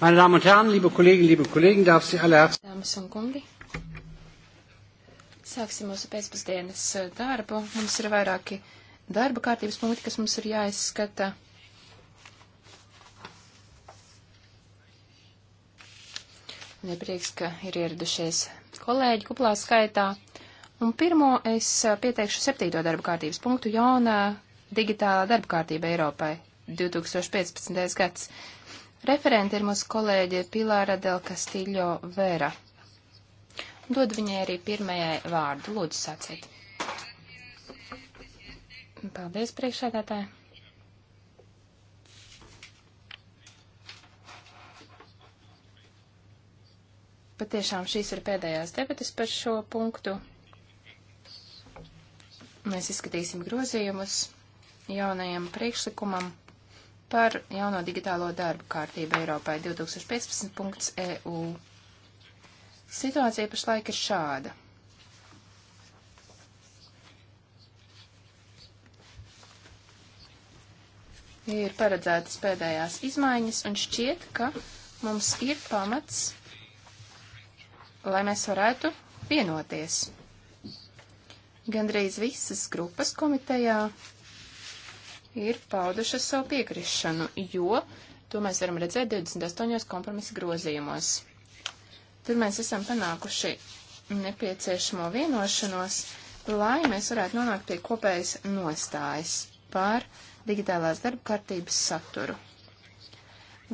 Meine Damen und Herren, liebe Kolleginnen, liebe Kollegen, darf Sie alle herzlich. Dāmas un kungi, sāksim mūsu pēcpusdienas eh, darbu. Mums ir vairāki darba kārtības punkti, kas mums ir jāizskata. Man ir prieks, ka ir ieradušies kolēģi kuplā skaitā. Un pirmo es eh, pieteikšu septīto darba kārtības punktu jaunā digitālā darba kārtība Eiropai 2015. gads. Referente ir mūsu kolēģe Pilāra Del Castillo Vera. Dod viņai arī pirmajai vārdu. Lūdzu, sacīt. Paldies, priekšsēdētāji. Patiešām šīs ir pēdējās debatas par šo punktu. Mēs izskatīsim grozījumus jaunajam priekšlikumam par jauno digitālo darbu kārtību Eiropai 2015.eu. E Situācija pašlaik ir šāda. Ir paredzētas pēdējās izmaiņas, un šķiet, ka mums ir pamats, lai mēs varētu vienoties. Gandrīz visas grupas komitejā ir paudušas savu piekrišanu, jo to mēs varam redzēt 28. kompromisa grozījumos. Tur mēs esam panākuši nepieciešamo vienošanos, lai mēs varētu nonākt pie kopējas nostājas par digitālās darba kārtības saturu.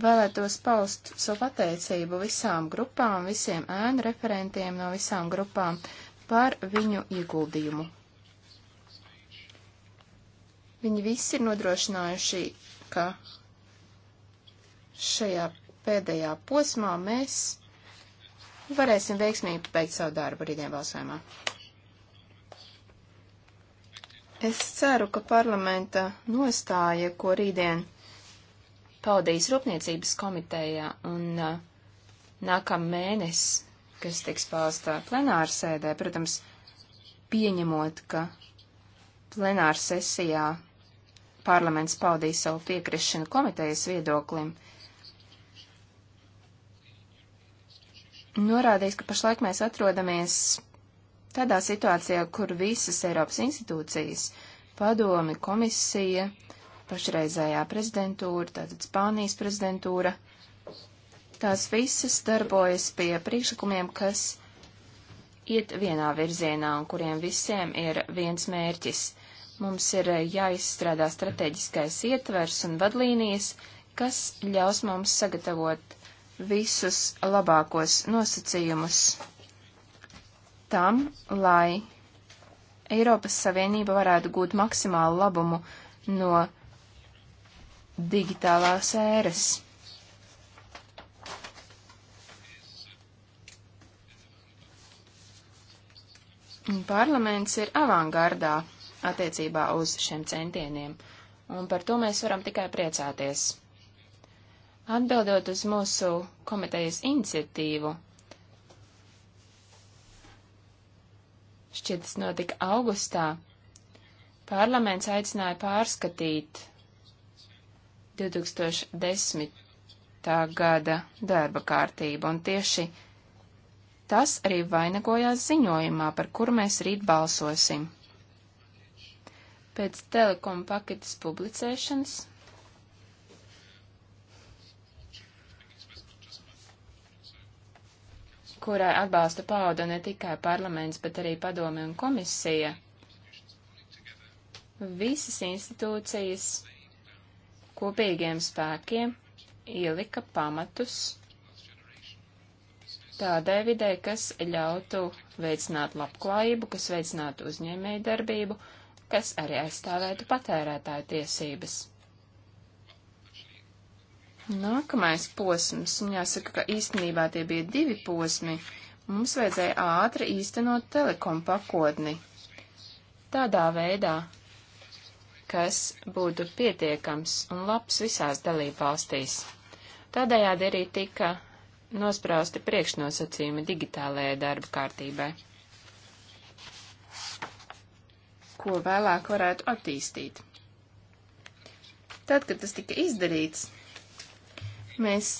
Vēlētos paust savu pateicību visām grupām, visiem ēnu referentiem no visām grupām par viņu ieguldījumu Viņi visi ir nodrošinājuši, ka šajā pēdējā posmā mēs varēsim veiksmīgi pabeigt savu darbu rītdien balsojumā. Es ceru, ka parlamenta nostāja, ko rītdien paudīs Rūpniecības komitejā un uh, nākam mēnes, kas tiks paustā plenāra sēdē, protams, pieņemot, ka plenāra sesijā parlaments paudīja savu piekrišanu komitejas viedoklim, norādījis, ka pašlaik mēs atrodamies tādā situācijā, kur visas Eiropas institūcijas, padomi, komisija, pašreizējā prezidentūra, tātad Spānijas prezidentūra, tās visas darbojas pie priekšlikumiem, kas iet vienā virzienā un kuriem visiem ir viens mērķis Mums ir eh, jāizstrādā strateģiskais ietvers un vadlīnijas, kas ļaus mums sagatavot visus labākos nosacījumus tam, lai Eiropas Savienība varētu gūt maksimālu labumu no digitālās ēras. Parlaments ir avangardā attiecībā uz šiem centieniem, un par to mēs varam tikai priecāties. Atbildot uz mūsu komitejas iniciatīvu, šķiet, tas notika augustā, parlaments aicināja pārskatīt 2010. gada darba kārtību, un tieši tas arī vainagojās ziņojumā, par kuru mēs rīt balsosim pēc telekomu paketes publicēšanas. kurai atbalsta pauda ne tikai parlaments, bet arī padome un komisija. Visas institūcijas kopīgiem spēkiem ielika pamatus tādai vidē, kas ļautu veicināt labklājību, kas veicinātu uzņēmēju darbību kas arī aizstāvētu patērētāju tiesības. Nākamais posms, un jāsaka, ka īstenībā tie bija divi posmi, mums vajadzēja ātri īstenot telekom pakotni. Tādā veidā, kas būtu pietiekams un labs visās dalībvalstīs. Tādējādi arī tika nosprausti priekšnosacījumi digitālajai darba kārtībai. ko vēlāk varētu attīstīt. Tad, kad tas tika izdarīts, mēs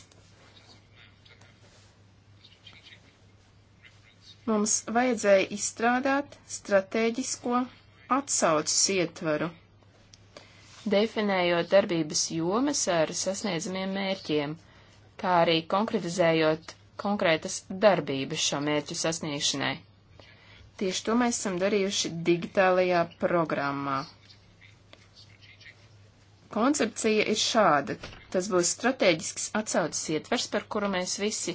mums vajadzēja izstrādāt stratēģisko atsaucas ietvaru, definējot darbības jomas ar sasniedzamiem mērķiem, kā arī konkretizējot konkrētas darbības šo mērķu sasniegšanai. Tieši to mēs esam darījuši digitālajā programmā. Koncepcija ir šāda. Tas būs strateģisks atsaucas ietvers, par kuru mēs visi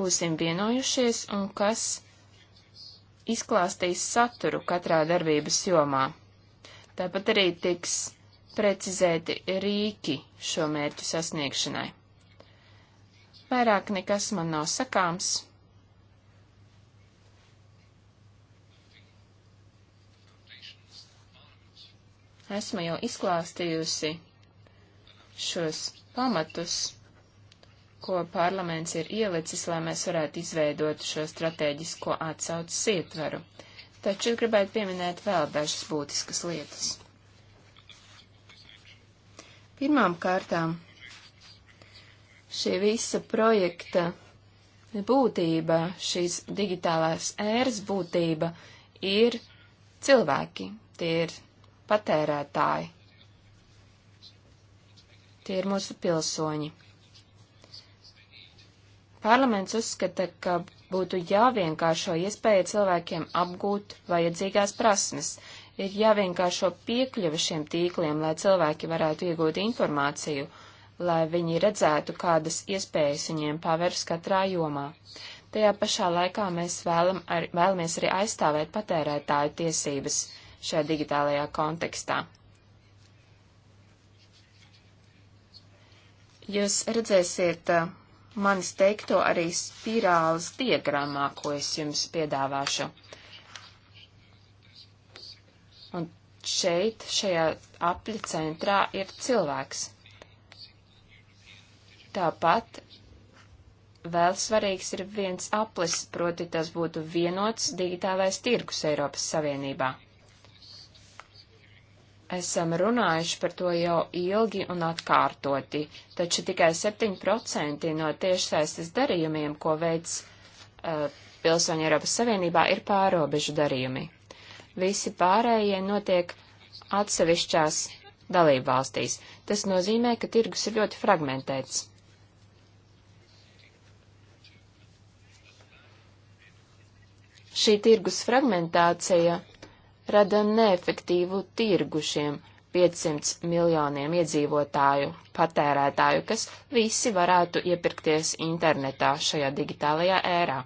būsim vienojušies un kas izklāstīs saturu katrā darbības jomā. Tāpat arī tiks precizēti rīki šo mērķu sasniegšanai. Vairāk nekas man nav sakāms. Esmu jau izklāstījusi šos pamatus, ko parlaments ir ielicis, lai mēs varētu izveidot šo strateģisko atsaucas ietveru. Taču gribētu pieminēt vēl dažas būtiskas lietas. Pirmām kārtām šī visa projekta būtība, šīs digitālās ēras būtība ir cilvēki. Tie ir patērētāji. Tie ir mūsu pilsoņi. Parlaments uzskata, ka būtu jāvienkāršo iespēja cilvēkiem apgūt vajadzīgās prasmes, ir jāvienkāršo piekļuva šiem tīkliem, lai cilvēki varētu iegūt informāciju, lai viņi redzētu, kādas iespējas viņiem pavērs katrā jomā. Tajā pašā laikā mēs vēlam ar, vēlamies arī aizstāvēt patērētāju tiesības šajā digitālajā kontekstā. Jūs redzēsiet eh, manis teikto arī spirāles diagrammā, ko es jums piedāvāšu. Un šeit, šajā apļa centrā, ir cilvēks. Tāpat vēl svarīgs ir viens aplis, proti tas būtu vienots digitālais tirgus Eiropas Savienībā esam runājuši par to jau ilgi un atkārtoti, taču tikai 7% no tiešsaistes darījumiem, ko veids uh, eh, pilsoņi Eiropas Savienībā, ir pārobežu darījumi. Visi pārējie notiek atsevišķās dalību valstīs. Tas nozīmē, ka tirgus ir ļoti fragmentēts. Šī tirgus fragmentācija rada neefektīvu tirgu šiem 500 miljoniem iedzīvotāju, patērētāju, kas visi varētu iepirkties internetā šajā digitālajā ērā.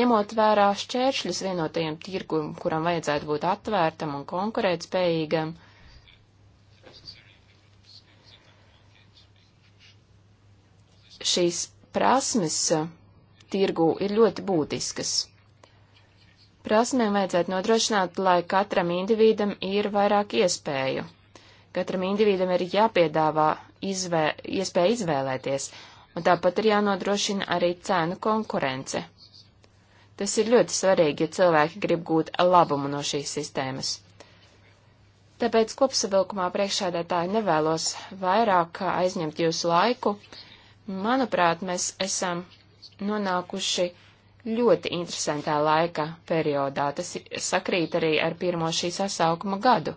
Ņemot vērā šķēršļus vienotajam tirgum, kuram vajadzētu būt atvērtam un konkurētspējīgam, šīs prasmes tirgu ir ļoti būtiskas. Prasmēm vajadzētu nodrošināt, lai katram individam ir vairāk iespēju. Katram individam ir jāpiedāvā izvē, iespēja izvēlēties, un tāpat ir jānodrošina arī cēnu konkurence. Tas ir ļoti svarīgi, ja cilvēki grib gūt labumu no šīs sistēmas. Tāpēc kopsavilkumā priekšādētāji nevēlos vairāk aizņemt jūsu laiku. Manuprāt, mēs esam nonākuši ļoti interesantā laika periodā. Tas sakrīt arī ar pirmo šī sasaukuma gadu.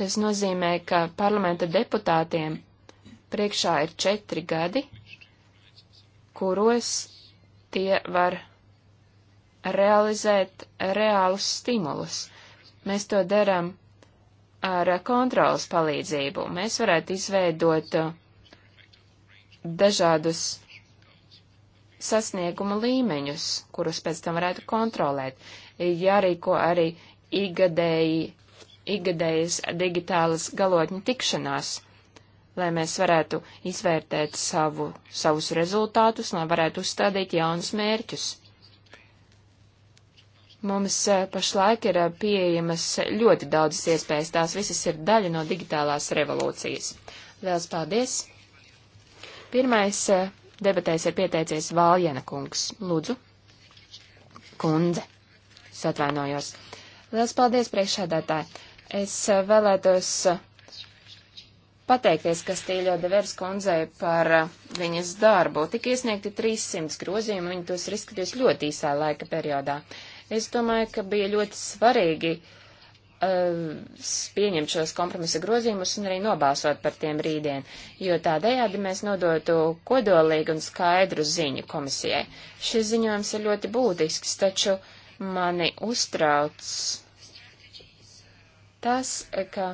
Tas nozīmē, ka parlamenta deputātiem priekšā ir četri gadi, kuros tie var realizēt reālus stimulus. Mēs to darām ar kontrolas palīdzību. Mēs varētu izveidot uh, dažādus sasnieguma līmeņus, kurus pēc tam varētu kontrolēt. Ir jārīko arī igadēji, igadējas digitālas galotņu tikšanās, lai mēs varētu izvērtēt savu, savus rezultātus, lai varētu uzstādīt jaunus mērķus. Mums e, pašlaik ir e, pieejamas ļoti daudzas iespējas, tās visas ir daļa no digitālās revolūcijas. Liels paldies! Pirmais e, debatēs ir pieteicies Vāljena kungs. Lūdzu. Kundze. Es atvainojos. Liels paldies, priekšsēdētāji. Es eh, vēlētos eh, pateikties Kastīļo Devers kundzei par eh, viņas darbu. Tik iesniegti 300 grozījumi, viņa tos ir izskatījusi ļoti īsā laika periodā. Es domāju, ka bija ļoti svarīgi uh, Eh, pieņemt šos kompromisa grozījumus un arī nobalsot par tiem rītdien, jo tādējādi mēs nodotu kodolīgu un skaidru ziņu komisijai. Šis ziņojums ir ļoti būtisks, taču mani uztrauc tas, eh, ka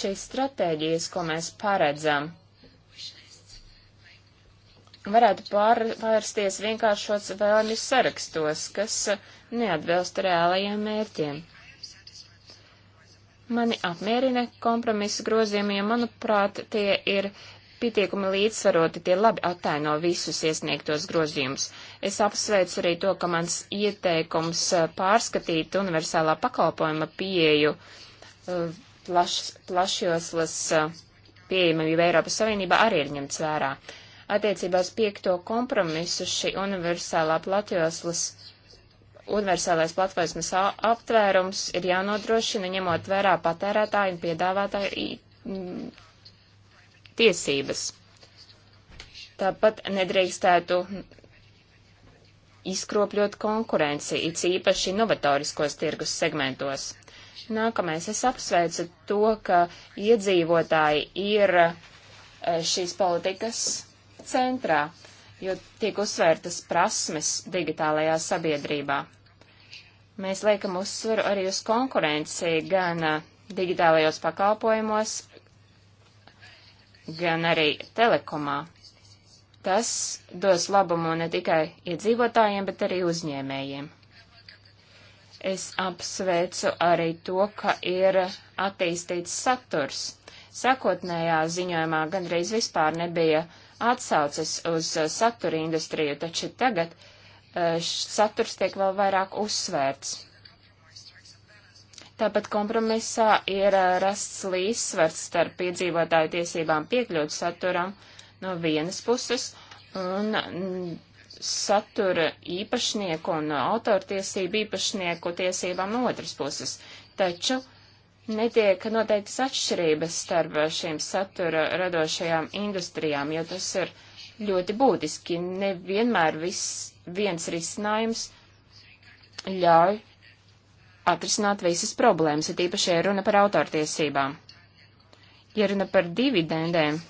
šīs stratēģijas, ko mēs paredzam, varētu pār, pārsties vienkāršos vēlmju sarakstos, kas neatbilst reālajiem mērķiem. Mani apmierina kompromisa grozījumi, jo, manuprāt, tie ir pietiekami līdzsvaroti, tie labi attēno visus iesniegtos grozījumus. Es apsveicu arī to, ka mans ieteikums eh, pārskatīt universālā pakalpojuma pieeju eh, plaš, plašjoslas eh, pieejamību Eiropas Savienībā arī ir ņemts vērā. Attiecībā uz piekto kompromisu šī universālā platjoslas universālais platformas aptvērums ir jānodrošina, ņemot vērā patērētāju un piedāvātāju tiesības. Tāpat nedrīkstētu izkropļot konkurenci, it īpaši novatoriskos tirgus segmentos. Nākamais, es apsveicu to, ka iedzīvotāji ir e, šīs politikas centrā. Uh, jo tiek uzsvērtas prasmes digitālajā sabiedrībā. Mēs liekam uzsvaru arī uz konkurenci gan digitālajos pakalpojumos, gan arī telekomā. Tas dos labumu ne tikai iedzīvotājiem, bet arī uzņēmējiem. Es apsveicu arī to, ka ir attīstīts saturs. Sakotnējā ziņojumā gandrīz vispār nebija uh, atsaucas uz uh, satura industriju, taču tagad uh, saturs tiek vēl vairāk uzsvērts. Tāpat kompromisā ir uh, rasts līdzsvars starp piedzīvotāju tiesībām piekļūt saturam no vienas puses un mm, satura īpašnieku un autortiesību īpašnieku tiesībām no otras puses. Taču uh, netiek noteiktas atšķirības starp šīm satura radošajām industrijām, jo tas ir ļoti būtiski. Nevienmēr viss viens risinājums ļauj atrisināt visas problēmas, ir īpaši, ja runa par autortiesībām. Ja runa par dividendēm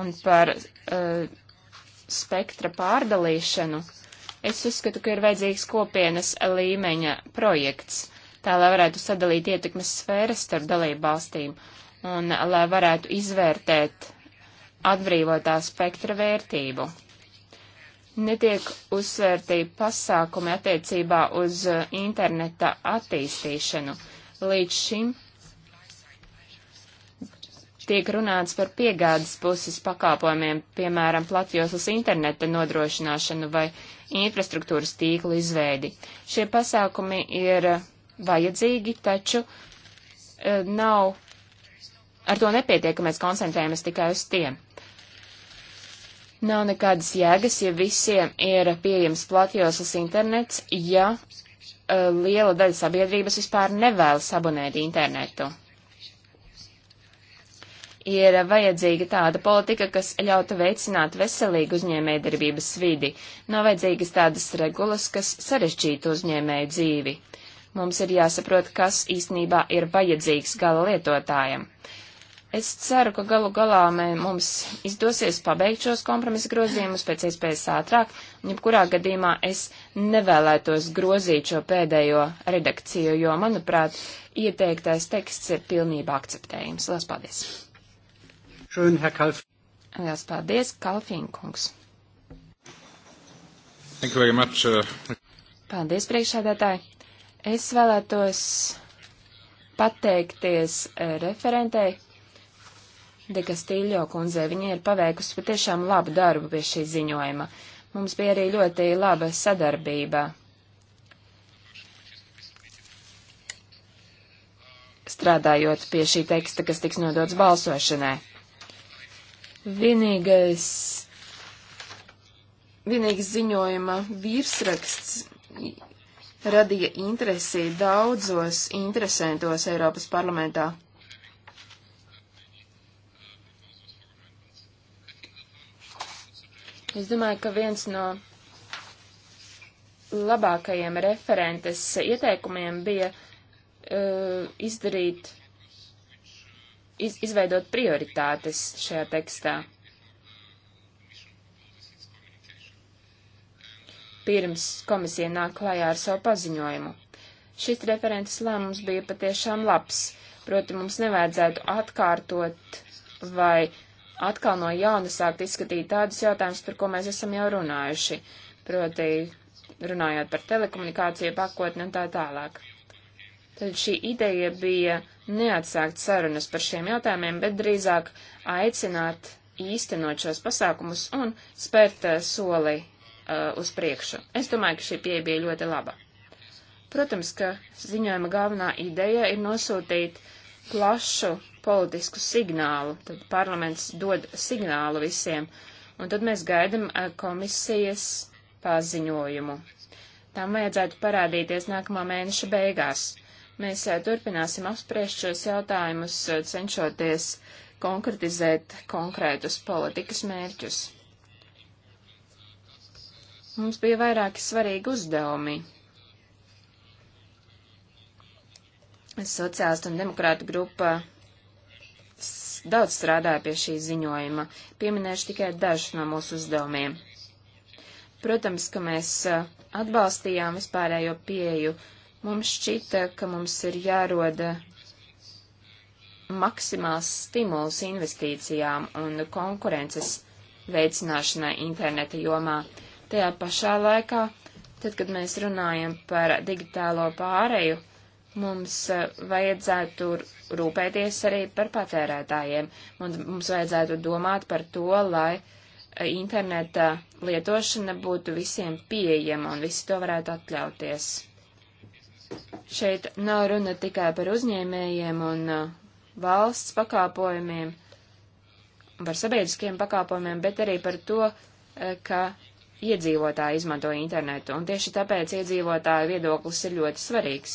un par uh, spektra pārdalīšanu, es uzskatu, ka ir vajadzīgs kopienas līmeņa projekts tā lai varētu sadalīt ietekmes sfēras starp dalību valstīm un lai varētu izvērtēt atbrīvotā spektra vērtību. Netiek uzsvērtī pasākumi attiecībā uz uh, interneta attīstīšanu. Līdz šim tiek runāts par piegādes puses pakāpojumiem, piemēram, platjoslas interneta nodrošināšanu vai infrastruktūras tīklu izveidi. Šie pasākumi ir vajadzīgi, taču e, nav, ar to nepietiek, ka mēs koncentrējamies tikai uz tiem. Nav nekādas jēgas, ja visiem ir pieejams platjoslas internets, ja uh, liela daļa sabiedrības vispār nevēlas abonēt internetu. Ir vajadzīga tāda politika, kas ļautu veicināt veselīgu uzņēmējdarbības vidi. Nav vajadzīgas tādas regulas, kas sarežģītu uzņēmēju dzīvi. Uh, Mums ir jāsaprot, kas īstenībā ir vajadzīgs gala lietotājam. Es ceru, ka galu galā mē, mums izdosies pabeigt šos kompromisa grozījumus pēc iespējas ātrāk, un jebkurā gadījumā es nevēlētos grozīt šo pēdējo redakciju, jo, manuprāt, ieteiktais teksts ir pilnībā akceptējams. Lielas paldies! Schön, Herr Kalf. Lielas paldies, Kalfinkungs. Thank you very much. Uh... Paldies, priekšādātāji. Es vēlētos pateikties eh, referentei Dika Stīļo kundzē. Viņa ir paveikusi patiešām labu darbu pie šī ziņojuma. Mums bija arī ļoti laba sadarbība. Strādājot pie šī teksta, kas tiks nodots balsošanai. Vienīgais, vienīgais ziņojuma virsraksts radīja interesi daudzos interesantos Eiropas parlamentā. Es domāju, ka viens no labākajiem referentes ieteikumiem bija uh, izdarīt, iz, izveidot prioritātes šajā tekstā. pirms komisija nāk klajā ar savu paziņojumu. Šis referents lēmums bija patiešām labs, proti mums nevajadzētu atkārtot vai atkal no jauna sākt izskatīt tādus jautājumus, par ko mēs esam jau runājuši, proti runājot par telekomunikāciju pakotni un tā tālāk. Tad šī ideja bija neatsākt sarunas par šiem jautājumiem, bet drīzāk aicināt īstenot šos pasākumus un spērt eh, soli uh, uz priekšu. Es domāju, ka šī pieeja bija ļoti laba. Protams, ka ziņojuma galvenā ideja ir nosūtīt plašu politisku signālu, tad parlaments dod signālu visiem, un tad mēs gaidam uh, komisijas paziņojumu. Tam vajadzētu parādīties nākamā mēneša beigās. Mēs uh, turpināsim apspriest šos jautājumus, uh, cenšoties konkretizēt konkrētus politikas mērķus. Mums bija vairāki svarīgi uzdevumi. Sociālistu un demokrātu grupa daudz strādāja pie šī ziņojuma. Pieminēšu tikai dažus no mūsu uzdevumiem. Protams, ka mēs atbalstījām vispārējo pieju. Mums šķita, ka mums ir jāroda maksimāls stimuls investīcijām un konkurences veicināšanai interneta jomā. Tajā pašā laikā, tad, kad mēs runājam par digitālo pāreju, mums eh, vajadzētu rūpēties arī par patērētājiem. Mums vajadzētu domāt par to, lai eh, interneta lietošana būtu visiem pieejama un visi to varētu atļauties. Šeit nav runa tikai par uzņēmējiem un eh, valsts pakāpojumiem, par sabiedriskiem pakāpojumiem, bet arī par to, ka iedzīvotāji izmanto internetu, un tieši tāpēc iedzīvotāju viedoklis ir ļoti svarīgs.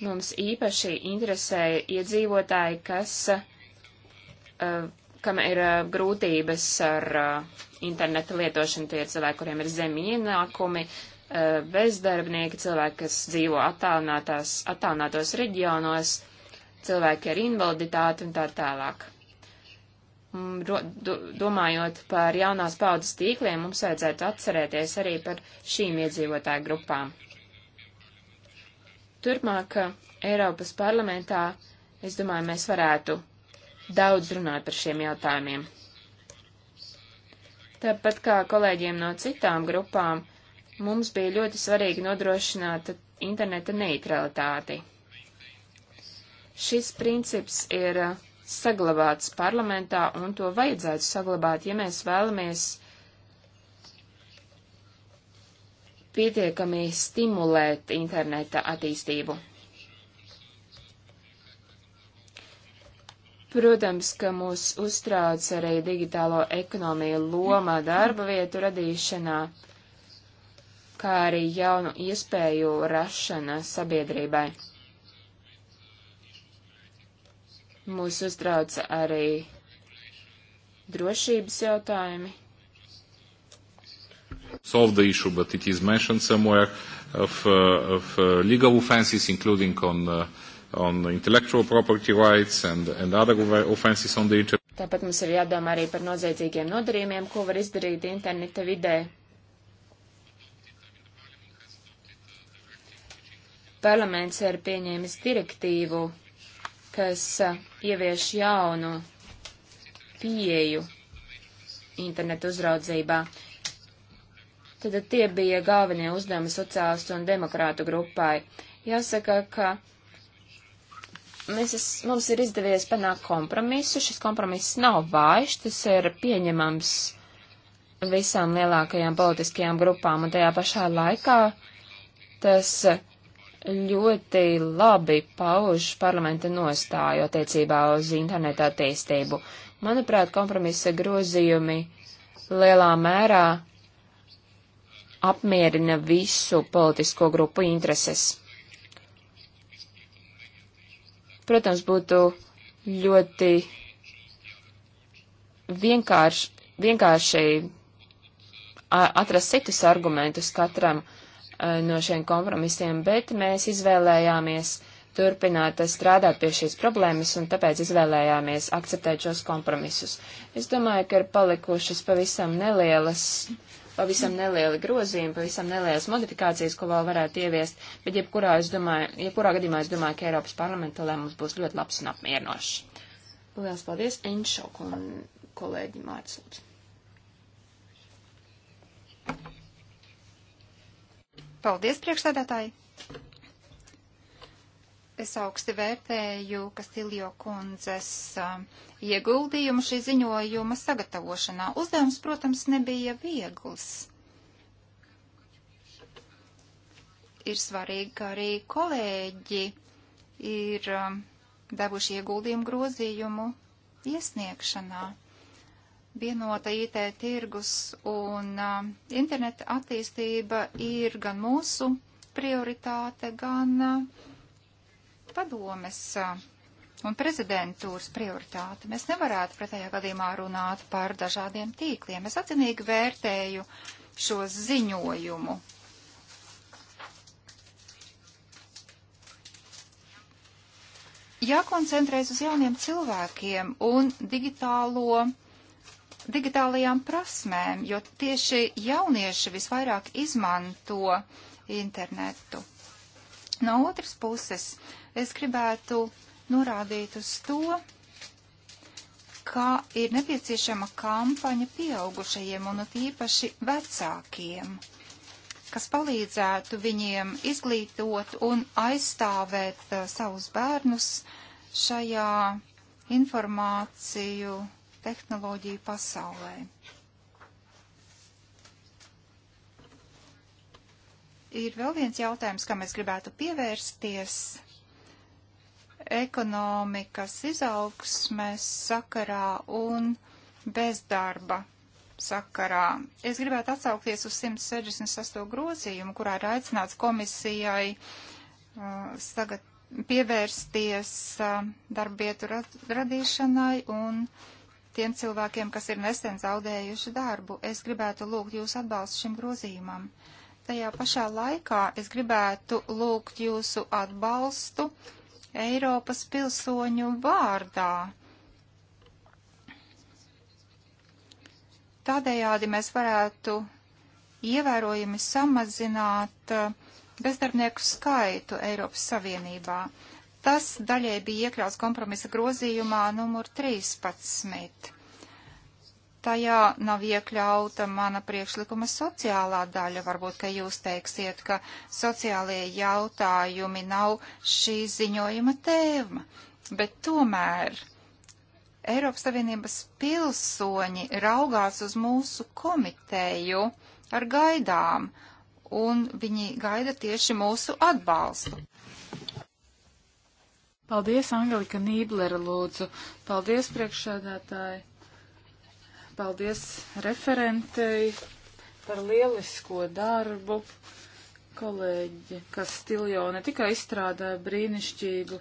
Mums īpaši interesē iedzīvotāji, kas, eh, kam ir eh, grūtības ar eh, interneta lietošanu, tie ir cilvēki, kuriem ir zemi ienākumi, bezdarbnieki, cilvēki, kas dzīvo attālinātos reģionos, cilvēki ar invaliditāti un tā tālāk. Mm, domājot par jaunās paudzes tīkliem, mums vajadzētu atcerēties arī par šīm iedzīvotāju grupām. Turpmāk eh, Eiropas parlamentā, es domāju, mēs varētu daudz runāt par šiem jautājumiem. Tāpat kā kolēģiem no citām grupām, mums bija ļoti svarīgi nodrošināt interneta neutralitāti. Šis princips ir uh, saglabāts parlamentā, un to vajadzētu saglabāt, ja mēs vēlamies pietiekami stimulēt interneta attīstību. Protams, ka mūs uztrauc arī digitālo ekonomiju loma darba vietu radīšanā, kā arī jaunu iespēju rašana sabiedrībai. Mūs uztrauc arī drošības jautājumi. Solve the issue, but it is mentioned somewhere of, uh, of uh, legal offenses, including on, uh, on intellectual property rights and, and other offenses on the internet. Tāpat mums ir jādomā arī par noziedzīgiem nodarījumiem, ko var izdarīt interneta vidē. Parlaments ir pieņēmis direktīvu kas ievieš jaunu pieeju internetu uzraudzībā. Tad tie bija galvenie uzdevumi sociālistu un demokrātu grupai. Jāsaka, ka mēs es, mums ir izdevies panākt kompromisu. Šis kompromiss nav vājš, tas ir pieņemams visām lielākajām politiskajām grupām, un tajā pašā laikā tas ļoti labi pauž parlamenta nostāju attiecībā uz internetu attīstību. Manuprāt, kompromisa grozījumi lielā mērā apmierina visu politisko grupu intereses. Protams, būtu ļoti vienkārši, vienkārši atrast citus argumentus katram uh, Eh, no šiem kompromisiem, bet mēs izvēlējāmies turpināt strādāt pie šīs problēmas un tāpēc izvēlējāmies akceptēt šos kompromisus. Es domāju, ka ir palikušas pavisam nelielas, pavisam nelieli grozījumi, pavisam nelielas modifikācijas, ko vēl varētu ieviest, bet jebkurā, es domāju, jebkurā gadījumā es domāju, ka Eiropas parlamenta lēmums būs ļoti labs un apmierinošs. Lielas paldies, Enšo un kolēģi Mārcis. Paldies, priekšsēdētāji! Es augsti vērtēju Kastiljo kundzes um, ieguldījumu šī ziņojuma sagatavošanā. Uzdevums, protams, nebija viegls. Ir svarīgi, ka arī kolēģi ir um, devuši ieguldījumu grozījumu iesniegšanā vienota IT tirgus un uh, interneta attīstība ir gan mūsu prioritāte, gan uh, padomes uh, un prezidentūras prioritāte. Mēs nevarētu pretējā gadījumā runāt par dažādiem tīkliem. Es atzinīgi vērtēju šo ziņojumu. Jākoncentrēs uz jauniem cilvēkiem un digitālo uh, digitālajām prasmēm, jo tieši jaunieši visvairāk izmanto internetu. No otras puses, es gribētu norādīt uz to, ka ir nepieciešama kampaņa pieaugušajiem un tīpaši vecākiem, kas palīdzētu viņiem izglītot un aizstāvēt uh, savus bērnus šajā informāciju tehnoloģiju pasaulē. Ir vēl viens jautājums, kam es gribētu pievērsties ekonomikas izaugsmes sakarā un bezdarba sakarā. Es gribētu atsaukties uz 168. grozījumu, kurā ir aicināts komisijai uh, sagat, pievērsties uh, darbietu rad, radīšanai un uh, tiem cilvēkiem, kas ir nesen zaudējuši darbu. Es gribētu lūgt jūsu atbalstu šim grozījumam. Tajā pašā laikā es gribētu lūgt jūsu atbalstu Eiropas pilsoņu vārdā. Tādējādi mēs varētu ievērojami samazināt uh, bezdarbinieku skaitu Eiropas Savienībā. Tas daļai bija iekļauts kompromisa grozījumā numur 13. Tajā nav iekļauta mana priekšlikuma sociālā daļa. Varbūt, ka jūs teiksiet, ka sociālie jautājumi nav šī ziņojuma tēma. Bet tomēr Eiropas Savienības pilsoņi raugās uz mūsu komiteju ar gaidām, un viņi gaida tieši mūsu atbalstu. Paldies, Angelika Nīblera, lūdzu. Paldies, priekšsēdētāji. Paldies referentei par lielisko darbu. Kolēģi, kas stiljo ne tikai izstrādāja brīnišķīgu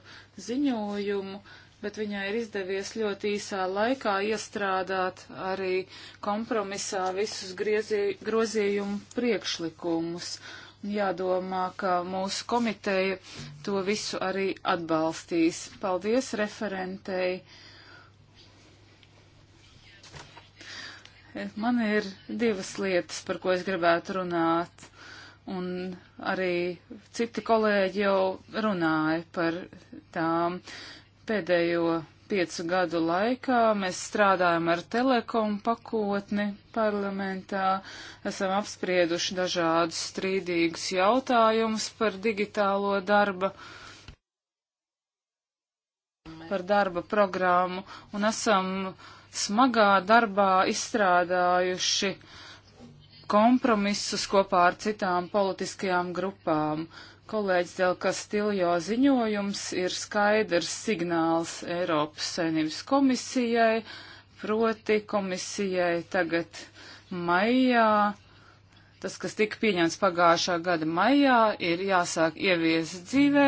ziņojumu, bet viņai ir izdevies ļoti īsā laikā iestrādāt arī kompromisā visus griezie, grozījumu priekšlikumus. Uh, jādomā, ka mūsu komiteja to visu arī atbalstīs. Paldies referentei. Man ir divas lietas, par ko es gribētu runāt, un arī citi kolēģi jau runāja par tām pēdējo piecu gadu laikā mēs strādājam ar telekomu pakotni parlamentā, esam apsprieduši dažādus strīdīgus jautājumus par digitālo darba, par darba programmu un esam smagā darbā izstrādājuši kompromisus kopā ar citām politiskajām grupām. Uh, Kolēģis Delka Stiljo ziņojums ir skaidrs signāls Eiropas saimnības komisijai, proti komisijai tagad maijā. Tas, kas tika pieņemts pagājušā gada maijā, ir jāsāk ieviest dzīvē.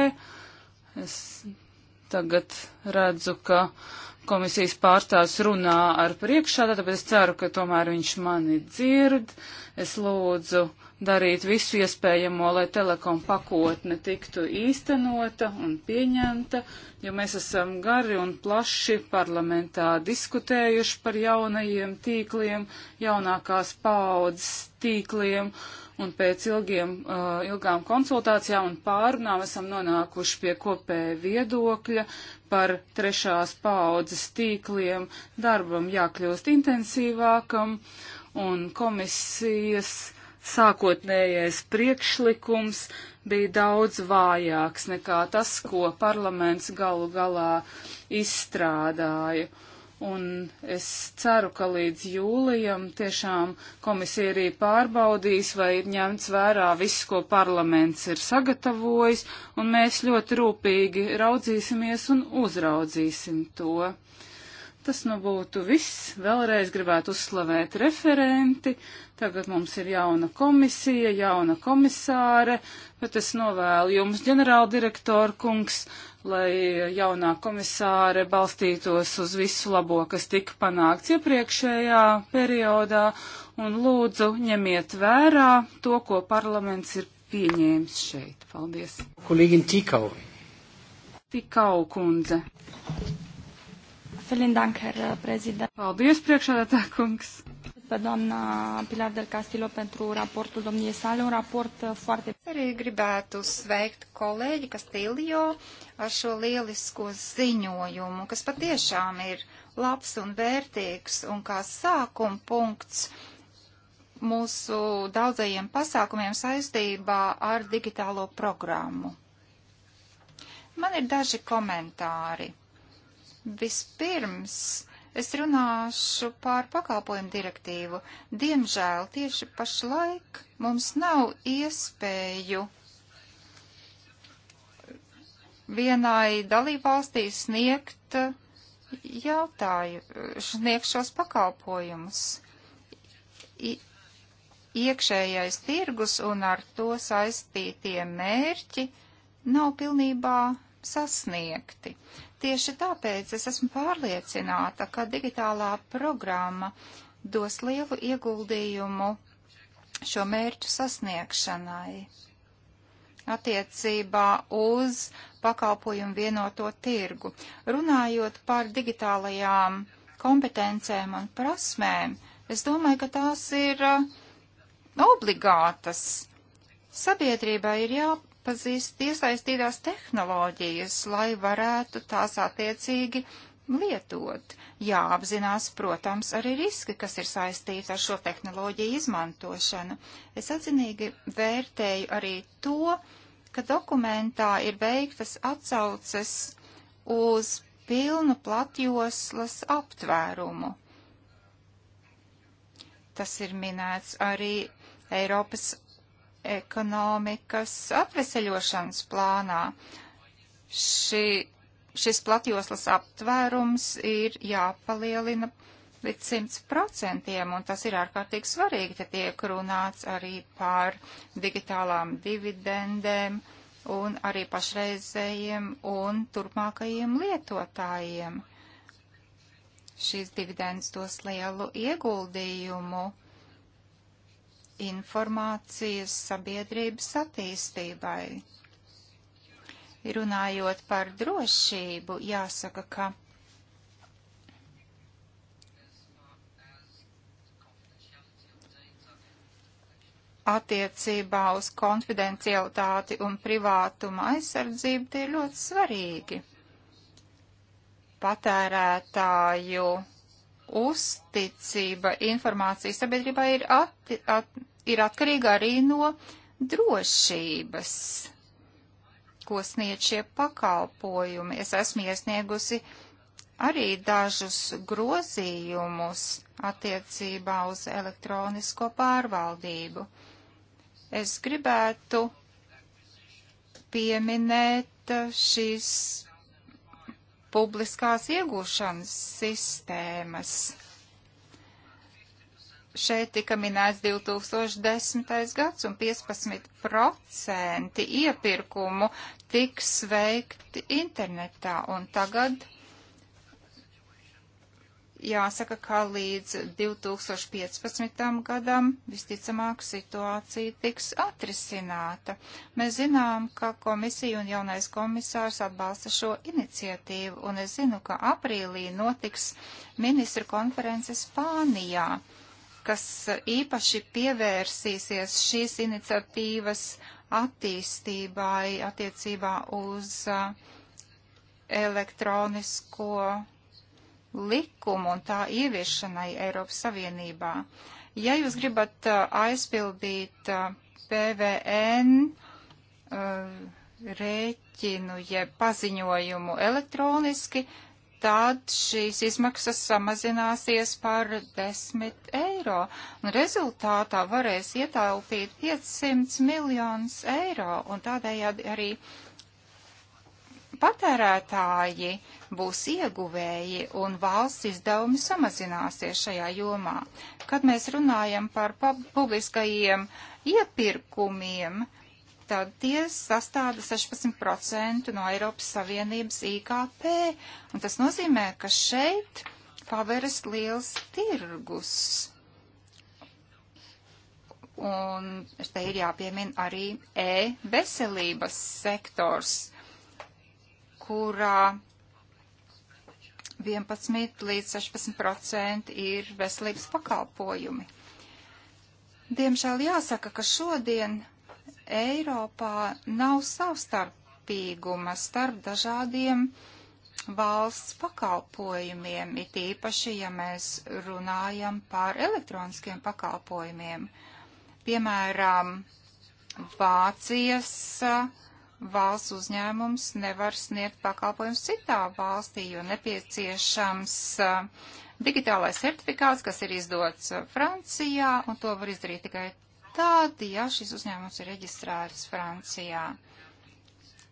Es tagad redzu, ka komisijas pārstāvs runā ar priekšā, tāpēc es ceru, ka tomēr viņš mani dzird. Es lūdzu darīt visu iespējamo, lai telekom pakotne tiktu īstenota un pieņemta, jo mēs esam gari un plaši parlamentā diskutējuši par jaunajiem tīkliem, jaunākās paaudzes tīkliem, un pēc ilgiem, uh, ilgām konsultācijām un pārunām esam nonākuši pie kopēja viedokļa par trešās paaudzes tīkliem. Darbam jākļūst intensīvākam, un komisijas sākotnējais priekšlikums bija daudz vājāks nekā tas, ko parlaments galu galā izstrādāja. Un es ceru, ka līdz jūlijam tiešām komisija arī pārbaudīs, vai ir ņemts vērā viss, ko parlaments ir sagatavojis, un mēs ļoti rūpīgi raudzīsimies un uzraudzīsim to. Tas nu būtu viss. Vēlreiz gribētu uzslavēt referenti. Tagad mums ir jauna komisija, jauna komisāre, bet es novēlu jums, ģenerāldirektor kungs, lai jaunā komisāre balstītos uz visu labo, kas tika panākts iepriekšējā periodā, un lūdzu ņemiet vērā to, ko parlaments ir pieņēmis šeit. Paldies. Kolēģi Tikau. Tikau kundze. Uh, Paldies, priekšādā kungs! pe doamna Pilar del Castillo pentru raportul domniei sale, un raport uh, foarte... Arī gribētu sveikt kolēģi Castillo ar šo lielisko ziņojumu, kas patiešām ir labs un vērtīgs un kā sākuma punkts mūsu daudzajiem pasākumiem saistībā ar digitālo programmu. Man ir daži komentāri. Vispirms es runāšu par pakalpojumu direktīvu. Diemžēl tieši pašlaik mums nav iespēju vienai dalībvalstī sniegt uh, jautāju, sniegt šos pakalpojumus. I, iekšējais tirgus un ar to saistītie mērķi nav pilnībā sasniegti. Tieši tāpēc es esmu pārliecināta, ka digitālā programma dos lielu ieguldījumu šo mērķu sasniegšanai attiecībā uz pakalpojumu vienoto tirgu. Runājot par digitālajām kompetencēm un prasmēm, es domāju, ka tās ir uh, obligātas. Sabiedrībai ir jā, jāpazīst iesaistītās tehnoloģijas, lai varētu tās attiecīgi lietot. Jāapzinās, protams, arī riski, kas ir saistīti ar šo tehnoloģiju izmantošanu. Es atzinīgi vērtēju arī to, ka dokumentā ir veiktas atsauces uz pilnu platjoslas aptvērumu. Tas ir minēts arī Eiropas ekonomikas atveseļošanas plānā. Ši, šis platjoslas aptvērums ir jāpalielina līdz 100%, un tas ir ārkārtīgi svarīgi, te tiek runāts arī par digitālām dividendēm un arī pašreizējiem un turpmākajiem lietotājiem. Šīs dividendes dos lielu ieguldījumu informācijas sabiedrības attīstībai. Runājot par drošību, jāsaka, ka attiecībā uz konfidencialitāti un privātuma aizsardzību tie ir ļoti svarīgi. Patērētāju uzticība informācijas sabiedrībā ir atti, at, ir atkarīga arī no drošības, ko sniedz šie pakalpojumi. Es esmu iesniegusi arī dažus grozījumus attiecībā uz elektronisko pārvaldību. Es gribētu pieminēt šīs publiskās iegūšanas sistēmas šeit tika minēts 2010. gads un 15% iepirkumu tiks veikti internetā. Un tagad jāsaka, ka līdz 2015. gadam visticamāk situācija tiks atrisināta. Mēs zinām, ka komisija un jaunais komisārs atbalsta šo iniciatīvu, un es zinu, ka aprīlī notiks ministru konference Spānijā kas īpaši pievērsīsies šīs iniciatīvas attīstībai attiecībā uz elektronisko likumu un tā ieviešanai Eiropas Savienībā. Ja jūs gribat aizpildīt PVN rēķinu, jeb ja paziņojumu elektroniski, tad šīs izmaksas samazināsies par 10 eiro, un rezultātā varēs ietaupīt 500 miljonus eiro, un tādējādi arī patērētāji būs ieguvēji, un valsts izdevumi samazināsies šajā jomā. Kad mēs runājam par publiskajiem iepirkumiem, uh, tad tie sastāda 16% no Eiropas Savienības IKP. Un tas nozīmē, ka šeit paveras liels tirgus. Un te ir jāpiemina arī e-veselības sektors, kurā 11 līdz 16% ir veselības pakalpojumi. Diemžēl jāsaka, ka šodien Eiropā nav savstarpīguma starp dažādiem valsts pakalpojumiem, it īpaši, ja mēs runājam par elektroniskiem pakalpojumiem. Piemēram, Vācijas uh, valsts uzņēmums nevar sniegt pakalpojumus citā valstī, jo nepieciešams uh, digitālais certifikāts, kas ir izdots uh, Francijā, un to var izdarīt tikai tad, ja šis uzņēmums ir reģistrēts Francijā.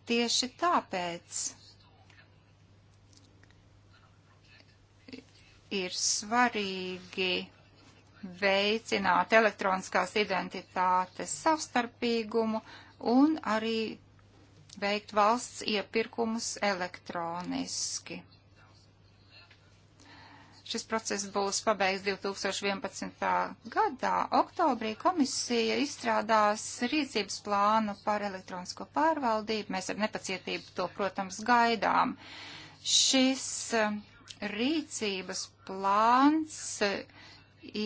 Tieši tāpēc ir svarīgi veicināt elektroniskās identitātes savstarpīgumu un arī veikt valsts iepirkumus elektroniski. Šis process būs pabeigts 2011. gadā. Oktobrī komisija izstrādās rīcības plānu par elektronisko pārvaldību. Mēs ar nepacietību to, protams, gaidām. Šis eh, rīcības plāns eh,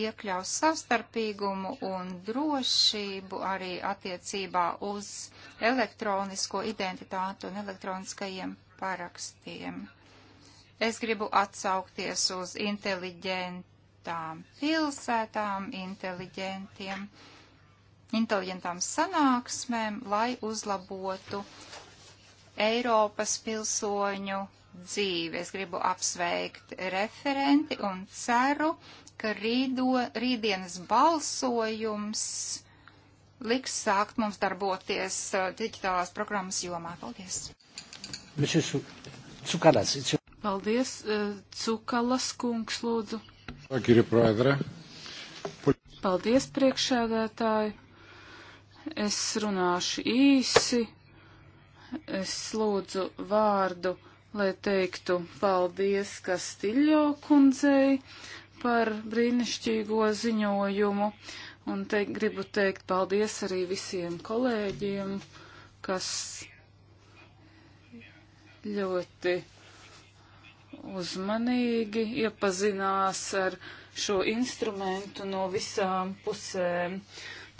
iekļaus savstarpīgumu un drošību arī attiecībā uz elektronisko identitātu un elektroniskajiem parakstiem. Es gribu atsaukties uz inteliģentām pilsētām, inteliģentiem, inteliģentām sanāksmēm, lai uzlabotu Eiropas pilsoņu dzīvi. Es gribu apsveikt referenti un ceru, ka rīdo, rītdienas balsojums liks sākt mums darboties uh, digitālās programmas jomā. Paldies! Mrs. Cukalas, it's your... Paldies, eh, Cukalas kungs, lūdzu. Paldies, priekšēdētāji. Es runāšu īsi. Es lūdzu vārdu, lai teiktu paldies Kastiljo kundzei par brīnišķīgo ziņojumu. Un te gribu teikt paldies arī visiem kolēģiem, kas ļoti uzmanīgi iepazinās ar šo instrumentu no visām pusēm.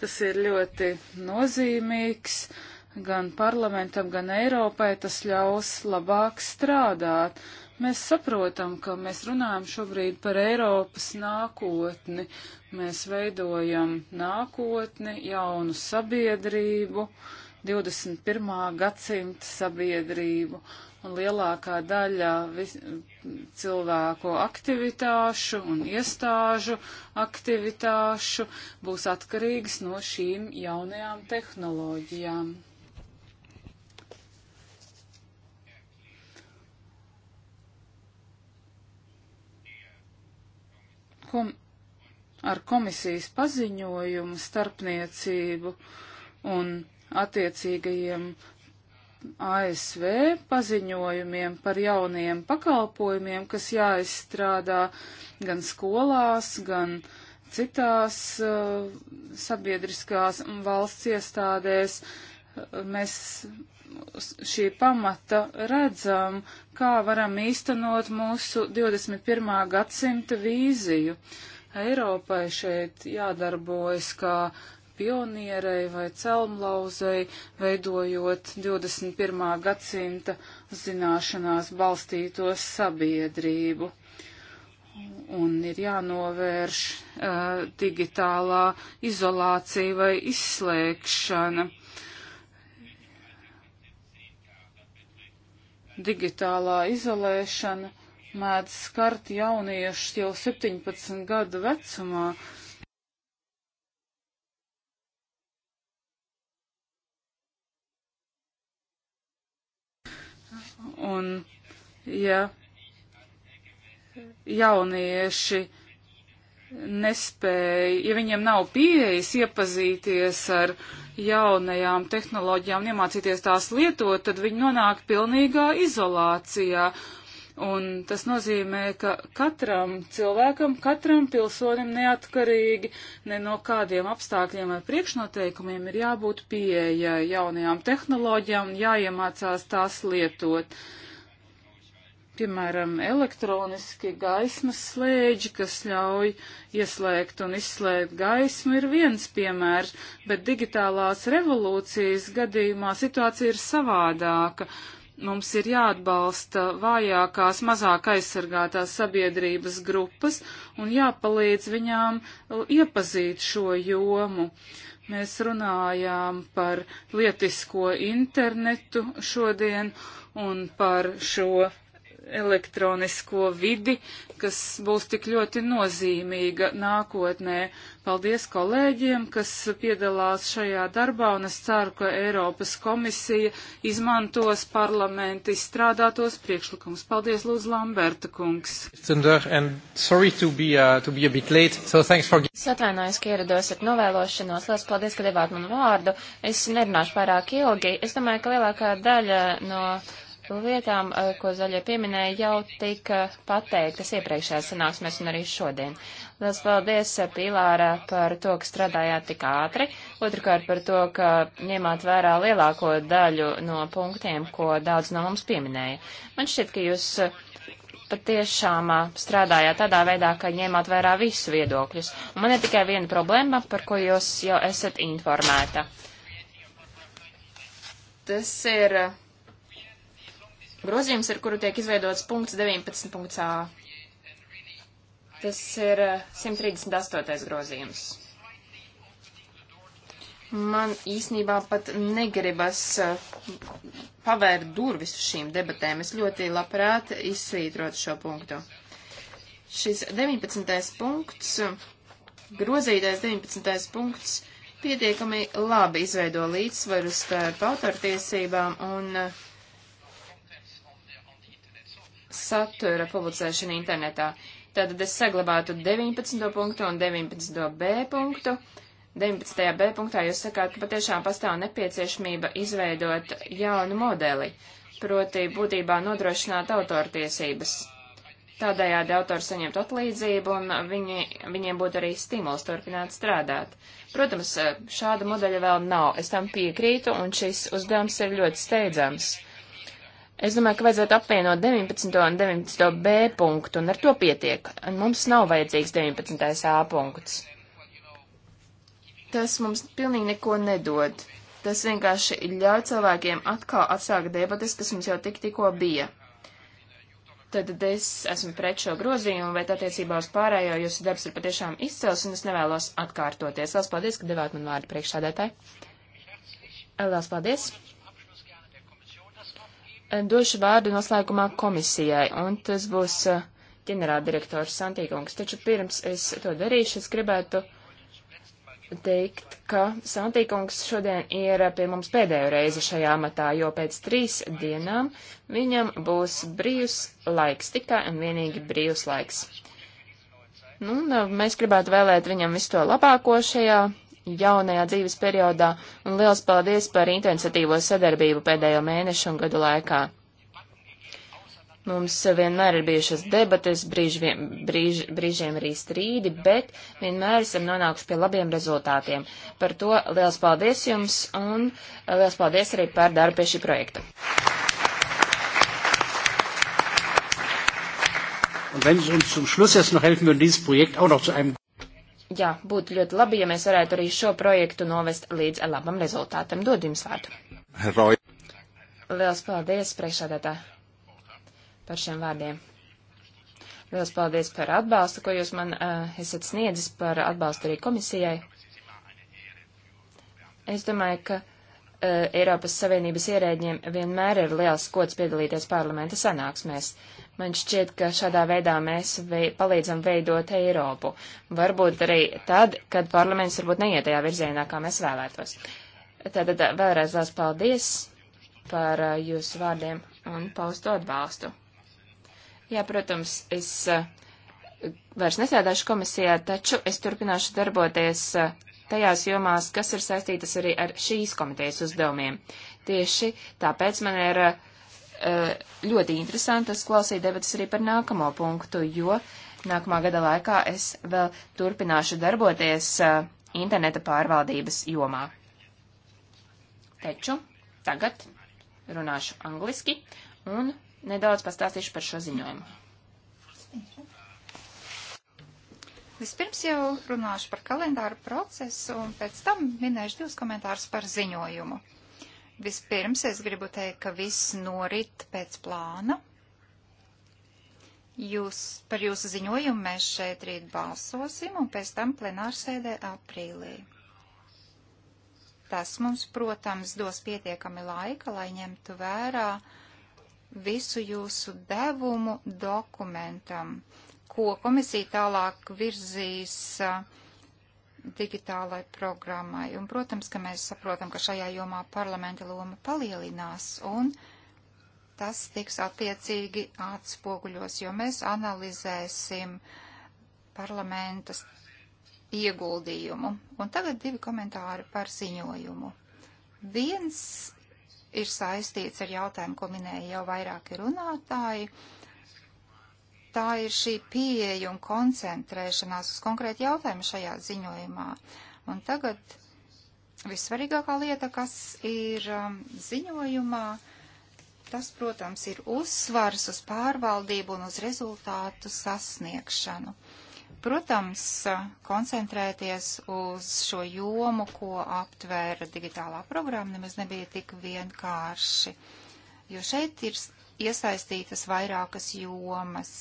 Tas ir ļoti nozīmīgs gan parlamentam, gan Eiropai. Tas ļaus labāk strādāt. Mēs saprotam, ka mēs runājam šobrīd par Eiropas nākotni. Mēs veidojam nākotni, jaunu sabiedrību, 21. gadsimta sabiedrību un lielākā daļa vis, cilvēku aktivitāšu un iestāžu aktivitāšu būs atkarīgas no šīm jaunajām tehnoloģijām. Kom ar komisijas paziņojumu starpniecību un attiecīgajiem ASV paziņojumiem par jauniem pakalpojumiem, kas jāizstrādā gan skolās, gan citās uh, sabiedriskās valsts iestādēs. Mēs šī pamata redzam, kā varam īstenot mūsu 21. gadsimta vīziju. Eiropai šeit jādarbojas kā pionierei vai celmlauzei, veidojot 21. gadsimta zināšanās balstītos sabiedrību. Un ir jānovērš uh, digitālā izolācija vai izslēgšana. Digitālā izolēšana mēdz skart jauniešus jau 17 gadu vecumā, Un ja jaunieši nespēja, ja viņiem nav pieejas iepazīties ar jaunajām tehnoloģijām, iemācīties tās lietot, tad viņi nonāk pilnīgā izolācijā. Un tas nozīmē, ka katram cilvēkam, katram pilsonim neatkarīgi ne no kādiem apstākļiem vai priekšnoteikumiem ir jābūt pieejai jaunajām tehnoloģijām un jāiemācās tās lietot. Piemēram, elektroniski gaismas slēdži, kas ļauj ieslēgt un izslēgt gaismu, ir viens piemērs, bet digitālās revolūcijas gadījumā situācija ir savādāka Mums ir jāatbalsta vājākās, mazāk aizsargātās sabiedrības grupas un jāpalīdz viņām uh, iepazīt šo jomu. Mēs runājām par lietisko internetu šodien un par šo elektronisko vidi, kas būs tik ļoti nozīmīga nākotnē. Paldies kolēģiem, kas piedalās šajā darbā, un es ceru, ka Eiropas komisija izmantos parlamenti izstrādātos priekšlikumus. Paldies, Lūdzu, Lamberta kungs. Uh, es atvainojos, ka ierados ar novēlošanos. Lielas paldies, ka devāt man vārdu. Es nerunāšu pārāk ilgi. Es domāju, ka lielākā daļa no lietām, eh, ko zaļie pieminēja, jau tika pateiktas iepriekšējā sanāksmēs un arī šodien. Liels paldies, eh, Pilāra, par to, ka strādājāt tik ātri, otrkārt par to, ka ņemāt vērā lielāko daļu no punktiem, ko daudz no mums pieminēja. Man šķiet, ka jūs eh, patiešām strādājāt tādā veidā, ka ņēmāt vērā visu viedokļus. Un man ir tikai viena problēma, par ko jūs jau esat informēta. Tas ir grozījums, ar kuru tiek izveidots punkts 19.a. Tas ir 138. Eh, grozījums. Man īsnībā pat negribas eh, pavērt durvis uz šīm debatēm. Es ļoti labprāt izsvītrotu šo punktu. Šis 19. punkts, grozītais 19. punkts, pietiekami labi izveido līdzsvaru starp autortiesībām un uh, satura publicēšanu internetā. Tātad es saglabātu 19. punktu un 19. b punktu. 19. b punktā jūs sakāt, ka patiešām pastāv nepieciešamība izveidot jaunu modeli, proti būtībā nodrošināt autortiesības. Tādējādi autori saņemtu atlīdzību un viņi, viņiem būtu arī stimuls turpināt strādāt. Protams, šāda modeļa vēl nav, es tam piekrītu, un šis uzdevums ir ļoti steidzams. Es domāju, ka vajadzētu apvienot 19. un 19. B punktu, un ar to pietiek. Mums nav vajadzīgs 19. A punkts. Tas mums pilnīgi neko nedod. Tas vienkārši ļauj cilvēkiem atkal atsākt debatas, kas mums jau tik tikko bija. Tad es esmu pret šo grozījumu, bet attiecībā uz pārējo jūsu darbs ir patiešām izcels, un es nevēlos atkārtoties. Lielas paldies, ka devāt man vārdu priekšsādētāji. Lielas paldies! došu vārdu noslēgumā komisijai, un tas būs eh, ģenerāldirektors Santīkungs. Taču pirms es to darīšu, es gribētu teikt, ka Santīkungs šodien ir pie mums pēdējo reizi šajā amatā, jo pēc trīs dienām viņam būs brīvs laiks, tikai un vienīgi brīvs laiks. Nu, eh, mēs gribētu vēlēt viņam visu to labāko šajā jaunajā dzīves periodā, un liels paldies par intensitīvo sadarbību pēdējo mēnešu un gadu laikā. Mums vienmēr ir bijušas debates, brīž, brīž, brīžiem arī strīdi, bet vienmēr esam nonākuši pie labiem rezultātiem. Par to liels paldies jums un liels paldies arī par darbu pie šī projekta. Und wenn Sie uns zum Schluss jetzt noch helfen würden, dieses Projekt auch noch zu einem jā, būtu ļoti labi, ja mēs varētu arī šo projektu novest līdz labam rezultātam. Dod jums vārdu. Roy. Liels paldies, priekšādātā, par šiem vārdiem. Liels paldies par atbalstu, ko jūs man uh, esat sniedzis par atbalstu arī komisijai. Es domāju, ka E, Eiropas Savienības ierēģiem vienmēr ir liels kods piedalīties parlamenta sanāksmēs. Man šķiet, ka šādā veidā mēs vei, palīdzam veidot Eiropu. Varbūt arī tad, kad parlaments varbūt neiet tajā virzienā, kā mēs vēlētos. Tātad vēlreiz liels paldies par e, jūsu vārdiem un paustu atbalstu. Jā, protams, es e, vairs nesēdāšu komisijā, taču es turpināšu darboties tajās jomās, kas ir saistītas arī ar šīs komitejas uzdevumiem. Tieši tāpēc man ir eh, ļoti interesanti klausīt debatas arī par nākamo punktu, jo nākamā gada laikā es vēl turpināšu darboties eh, interneta pārvaldības jomā. Taču tagad runāšu angliski un nedaudz pastāstīšu par šo ziņojumu. Vispirms jau runāšu par kalendāru procesu un pēc tam minēšu divus komentārus par ziņojumu. Vispirms es gribu teikt, ka viss norit pēc plāna. Jūs, par jūsu ziņojumu mēs šeit rīt balsosim un pēc tam plenārsēdē aprīlī. Tas mums, protams, dos pietiekami laika, lai ņemtu vērā visu jūsu devumu dokumentam. Uh, ko komisija tālāk virzīs digitālai programmai. Un, protams, ka mēs saprotam, ka šajā jomā parlamenta loma palielinās un tas tiks attiecīgi atspoguļos, jo mēs analizēsim parlamentas ieguldījumu. Un tagad divi komentāri par ziņojumu. Viens ir saistīts ar jautājumu, ko minēja jau vairāki runātāji. Uh, tā ir šī pieeja un koncentrēšanās uz konkrētu jautājumu šajā ziņojumā. Un tagad vissvarīgākā lieta, kas ir um, ziņojumā, tas, protams, ir uzsvars uz pārvaldību un uz rezultātu sasniegšanu. Protams, koncentrēties uz šo jomu, ko aptvēra digitālā programma, nemaz nebija tik vienkārši, jo šeit ir iesaistītas vairākas jomas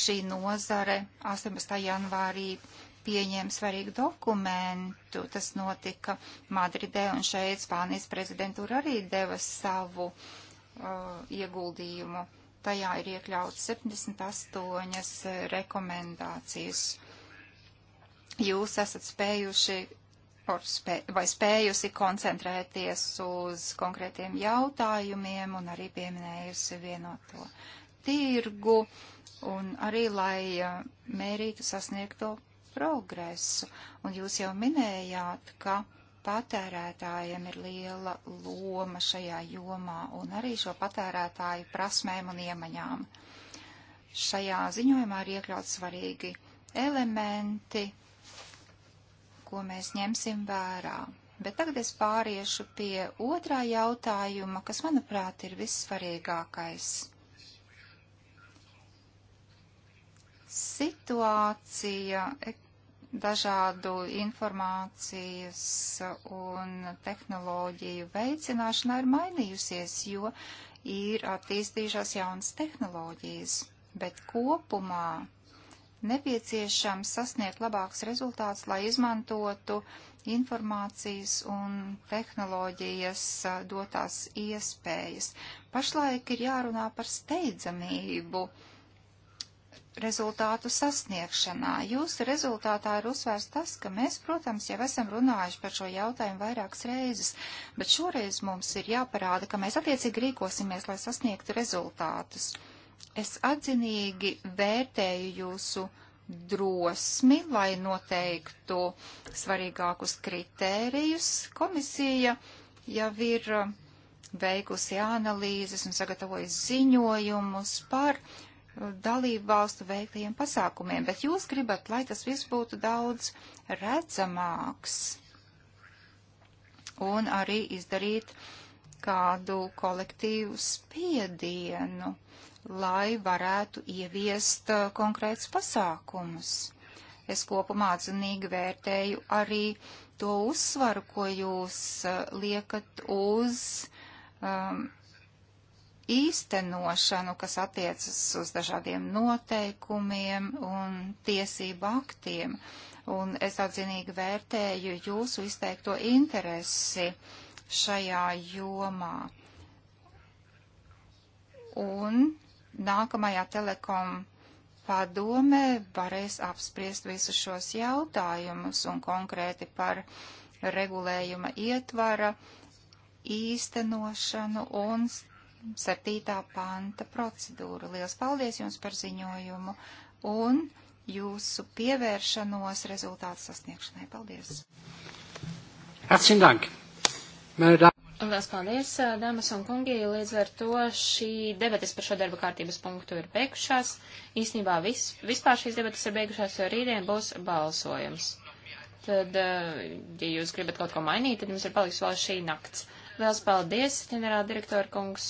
šī nozare 18. janvārī pieņēma svarīgu dokumentu. Tas notika Madridē un šeit Spānijas prezidentūra arī deva savu uh, ieguldījumu. Tajā ir iekļauts 78 rekomendācijas. Jūs esat spējuši spē, vai spējusi koncentrēties uz konkrētiem jautājumiem un arī pieminējusi vienoto tirgu. Uh, un arī, lai mērītu sasniegto progresu. Un jūs jau minējāt, ka patērētājiem ir liela loma šajā jomā un arī šo patērētāju prasmēm un iemaņām. Šajā ziņojumā ir iekļauts svarīgi elementi, ko mēs ņemsim vērā. Bet tagad es pāriešu pie otrā jautājuma, kas, manuprāt, ir vissvarīgākais. situācija dažādu informācijas un tehnoloģiju veicināšanā ir mainījusies, jo ir attīstījušās jaunas tehnoloģijas, bet kopumā nepieciešams sasniegt labāks rezultāts, lai izmantotu informācijas un tehnoloģijas dotās iespējas. Pašlaik ir jārunā par steidzamību. Uh, rezultātu sasniegšanā. Jūsu rezultātā ir uzsvērts tas, ka mēs, protams, jau esam runājuši par šo jautājumu vairākas reizes, bet šoreiz mums ir jāparāda, ka mēs attiecīgi rīkosimies, lai sasniegtu rezultātus. Es atzinīgi vērtēju jūsu drosmi, lai noteiktu svarīgākus kritērijus. Komisija jau ir veikusi analīzes un sagatavojusi ziņojumus par uh, dalību valstu veiktajiem pasākumiem, bet jūs gribat, lai tas viss būtu daudz redzamāks un arī izdarīt kādu kolektīvu spiedienu, lai varētu ieviest uh, konkrēts pasākumus. Es kopumā atzinīgi vērtēju arī to uzsvaru, ko jūs uh, liekat uz um, īstenošanu, kas attiecas uz dažādiem noteikumiem un tiesību aktiem. Un es atzinīgi vērtēju jūsu izteikto interesi šajā jomā. Un nākamajā telekom padomē varēs apspriest visus šos jautājumus un konkrēti par regulējuma ietvara īstenošanu un septītā panta procedūru. Lielas paldies jums par ziņojumu un jūsu pievēršanos rezultātu sasniegšanai. Paldies! Herzlichen Dank! Lielas paldies, dāmas un kungi! Līdz ar to šī debates par šo darba kārtības punktu ir beigušās. Īsnībā vis, vispār šīs debates ir beigušās, jo rītdien būs balsojums. Tad, ja jūs gribat kaut ko mainīt, tad jums ir paliks vēl šī nakts. Liels paldies, ģenerāla direktora kungs,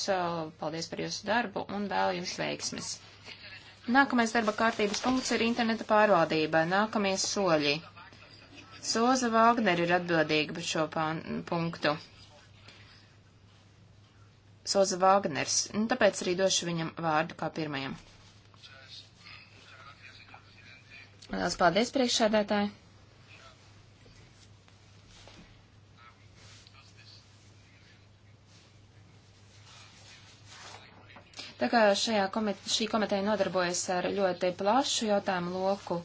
paldies par jūsu darbu un vēl jums veiksmes. Nākamais darba kārtības punkts ir interneta pārvaldība. Nākamie soļi. Soza Vāgner ir atbildīga par šo punktu. Soza Vāgners, nu, tāpēc arī došu viņam vārdu kā pirmajam. Lielas paldies, priekšsēdētāji! Tā kā komite, šī komiteja nodarbojas ar ļoti plašu jautājumu loku,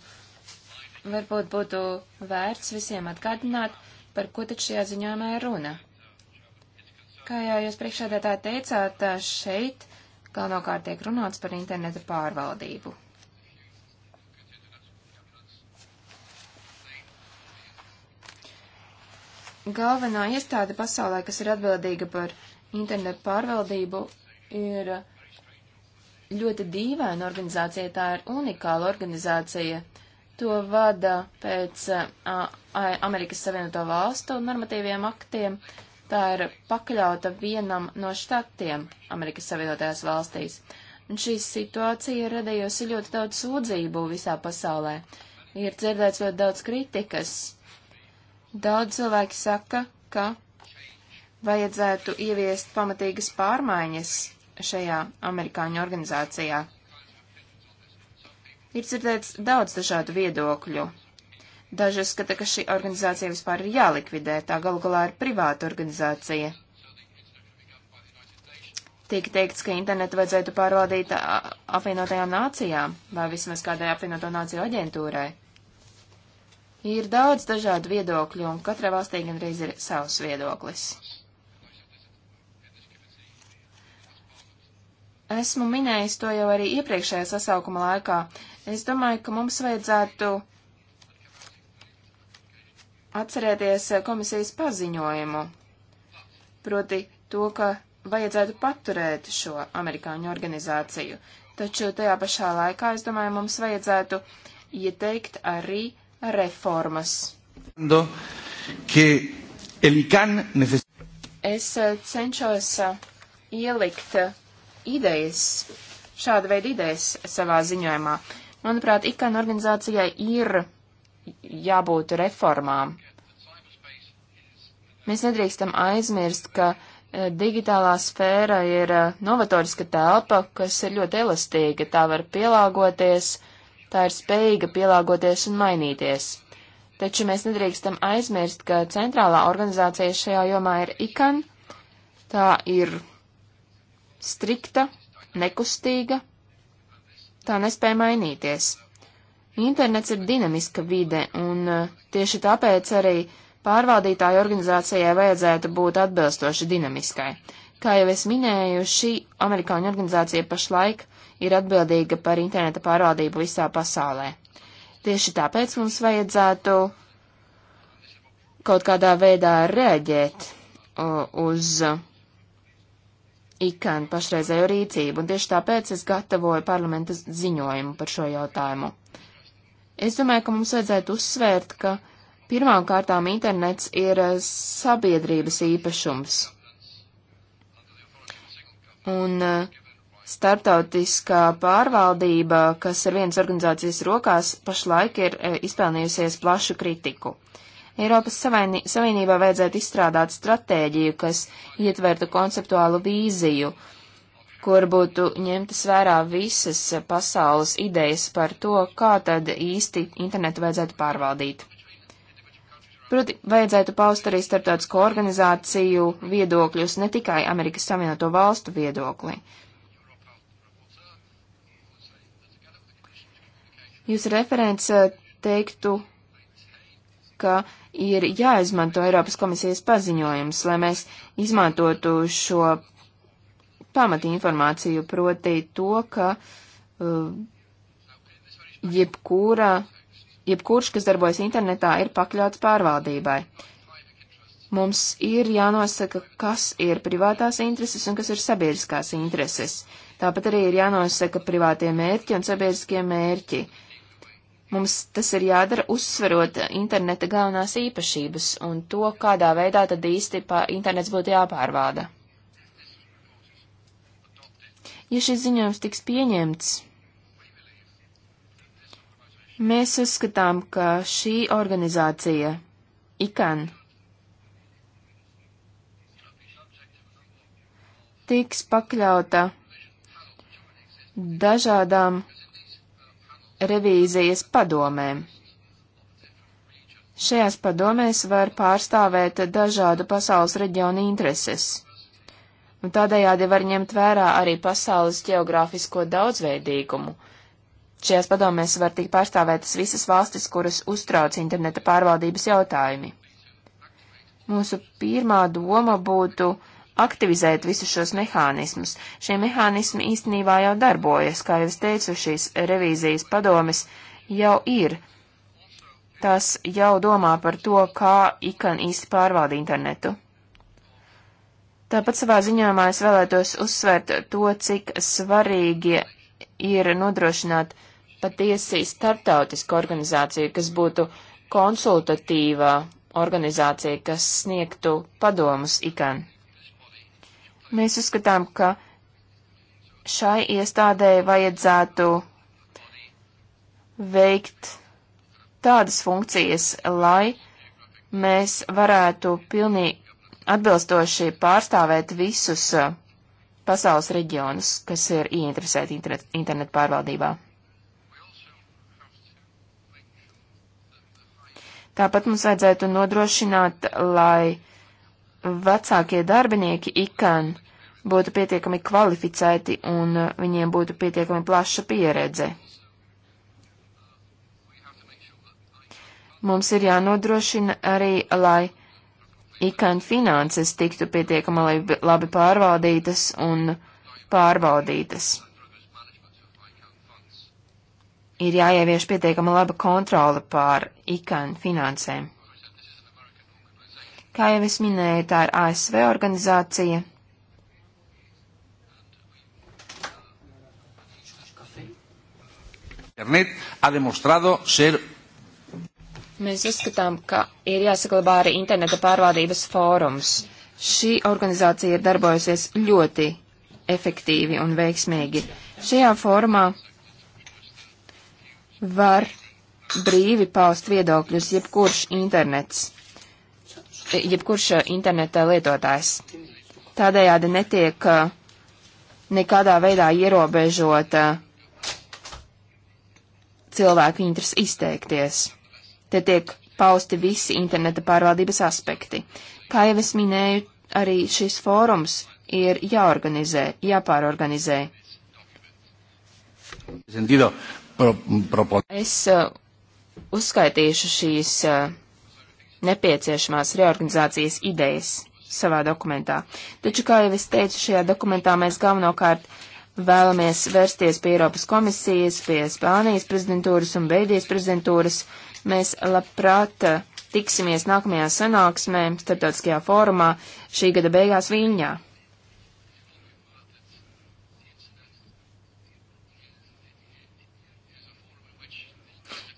varbūt būtu vērts visiem atgādināt, par ko taču šajā ziņojumā ir runa. Kā jau jūs priekšādētāji teicāt, šeit galvenokārt tiek runāts par interneta pārvaldību. Galvenā iestāde pasaulē, kas ir atbildīga par internetu pārvaldību, ir uh, ļoti dīvaina organizācija, tā ir unikāla organizācija. To vada pēc a, a, Amerikas Savienoto Valstu normatīviem aktiem. Tā ir pakļauta vienam no štatiem Amerikas Savienotajās valstīs. Un šī situācija ir radījusi ļoti daudz sūdzību visā pasaulē. Ir dzirdēts ļoti daudz kritikas. Daudz cilvēki saka, ka vajadzētu ieviest pamatīgas pārmaiņas šajā amerikāņu organizācijā. Ir dzirdēts daudz dažādu viedokļu. Daži uzskata, ka šī organizācija vispār ir jālikvidē, tā galu galā ir privāta organizācija. Tiek teikts, ka internetu vajadzētu pārvaldīt apvienotajām nācijām vai vismaz kādai apvienoto nāciju aģentūrai. Ir daudz dažādu viedokļu, un katrai valstī gandrīz ir savs viedoklis. Esmu minējis to jau arī iepriekšējā sasaukuma laikā. Es domāju, ka mums vajadzētu atcerēties komisijas paziņojumu, proti to, ka vajadzētu paturēt šo amerikāņu organizāciju. Taču tajā pašā laikā, es domāju, mums vajadzētu ieteikt arī reformas. Do, es eh, cenšos eh, ielikt eh, idejas, šāda veida idejas savā ziņojumā. Manuprāt, ikāna organizācijai ir jābūt reformām. Mēs nedrīkstam aizmirst, ka e, digitālā sfēra ir e, novatoriska telpa, kas ir ļoti elastīga, tā var pielāgoties, tā ir spējīga pielāgoties un mainīties. Taču mēs nedrīkstam aizmirst, ka centrālā organizācija šajā jomā ir ikan, tā ir strikta, nekustīga, tā nespēja mainīties. Internets ir dinamiska vide, un eh, tieši tāpēc arī pārvaldītāju organizācijai vajadzētu būt atbilstoši dinamiskai. Kā jau es minēju, šī amerikāņu organizācija pašlaik ir atbildīga par interneta pārvaldību visā pasaulē. Tieši tāpēc mums vajadzētu kaut kādā veidā reaģēt uh, uz ikan pašreizējo rīcību, un tieši tāpēc es gatavoju parlamenta ziņojumu par šo jautājumu. Es domāju, ka mums vajadzētu uzsvērt, ka pirmām kārtām internets ir eh, sabiedrības īpašums. Un eh, starptautiskā pārvaldība, kas ir vienas organizācijas rokās, pašlaik ir eh, izpelnījusies plašu kritiku. Eiropas Savienībā vajadzētu izstrādāt stratēģiju, kas ietvertu konceptuālu vīziju, kur būtu ņemtas vērā visas pasaules idejas par to, kā tad īsti internetu vajadzētu pārvaldīt. Proti, vajadzētu paust arī starptautisko organizāciju viedokļus, ne tikai Amerikas Savienoto valstu viedokli. Jūs referents eh, teiktu ka ir jāizmanto Eiropas komisijas paziņojums, lai mēs izmantotu šo pamati informāciju, proti to, ka uh, jebkura, jebkurš, kas darbojas internetā, ir pakļauts pārvaldībai. Mums ir jānosaka, kas ir privātās intereses un kas ir sabiedriskās intereses. Tāpat arī ir jānosaka privātie mērķi un sabiedriskie mērķi. Uh, Mums tas ir jādara uzsverot interneta galvenās īpašības un to, kādā veidā tad īsti internets būtu jāpārvāda. Ja šis ziņojums tiks pieņemts, mēs uzskatām, ka šī organizācija, ICAN, tiks pakļauta dažādām revīzijas padomēm. Šajās padomēs var pārstāvēt dažādu pasaules reģionu intereses, un tādējādi var ņemt vērā arī pasaules geogrāfisko daudzveidīgumu. Šajās padomēs var tikt pārstāvētas visas valstis, kuras uztrauc interneta pārvaldības jautājumi. Mūsu pirmā doma būtu uh, aktivizēt visus šos mehānismus. Šie mehānismi īstenībā jau darbojas, kā jau es teicu, šīs revīzijas padomes jau ir. Tās jau domā par to, kā ikan īsti pārvalda internetu. Tāpat savā ziņojumā es vēlētos uzsvērt to, cik svarīgi ir nodrošināt patiesi starptautisku organizāciju, kas būtu konsultatīvā organizācija, kas sniegtu padomus ikan. Mēs uzskatām, ka šai iestādē vajadzētu veikt tādas funkcijas, lai mēs varētu pilnīgi atbilstoši pārstāvēt visus uh, pasaules reģionus, kas ir ieinteresēti internetu pārvaldībā. Tāpat mums vajadzētu nodrošināt, lai vecākie darbinieki ikan būtu pietiekami kvalificēti un uh, viņiem būtu pietiekami plaša pieredze. Mums ir jānodrošina arī, lai ikan finanses tiktu pietiekami labi pārvaldītas un pārbaudītas. Ir jāievieš pietiekama laba kontrola pār ikan finansēm. Kā jau es minēju, tā ir ASV organizācija. Internet ha demostrado ser Mēs uzskatām, ka ir jāsaglabā arī interneta pārvaldības fórums. Šī organizācija ir darbojusies ļoti efektīvi un veiksmīgi. Šajā fórumā var brīvi paust viedokļus jebkurš internets jebkurš eh, interneta eh, lietotājs. Tādējādi netiek eh, nekādā veidā ierobežota cilvēku interesi izteikties. Te tiek pausti visi interneta pārvaldības aspekti. Kā jau es minēju, arī šis fórums ir jāorganizē, jāpārorganizē. Es uzskaitīšu šīs uh, nepieciešamās reorganizācijas idejas savā dokumentā. Taču, kā jau es teicu, šajā dokumentā mēs galvenokārt vēlamies vērsties pie Eiropas komisijas, pie Spānijas prezidentūras un Beidijas prezidentūras. Mēs labprāt eh, tiksimies nākamajā sanāksmē, starptautiskajā fórumā, šī gada beigās Viņā.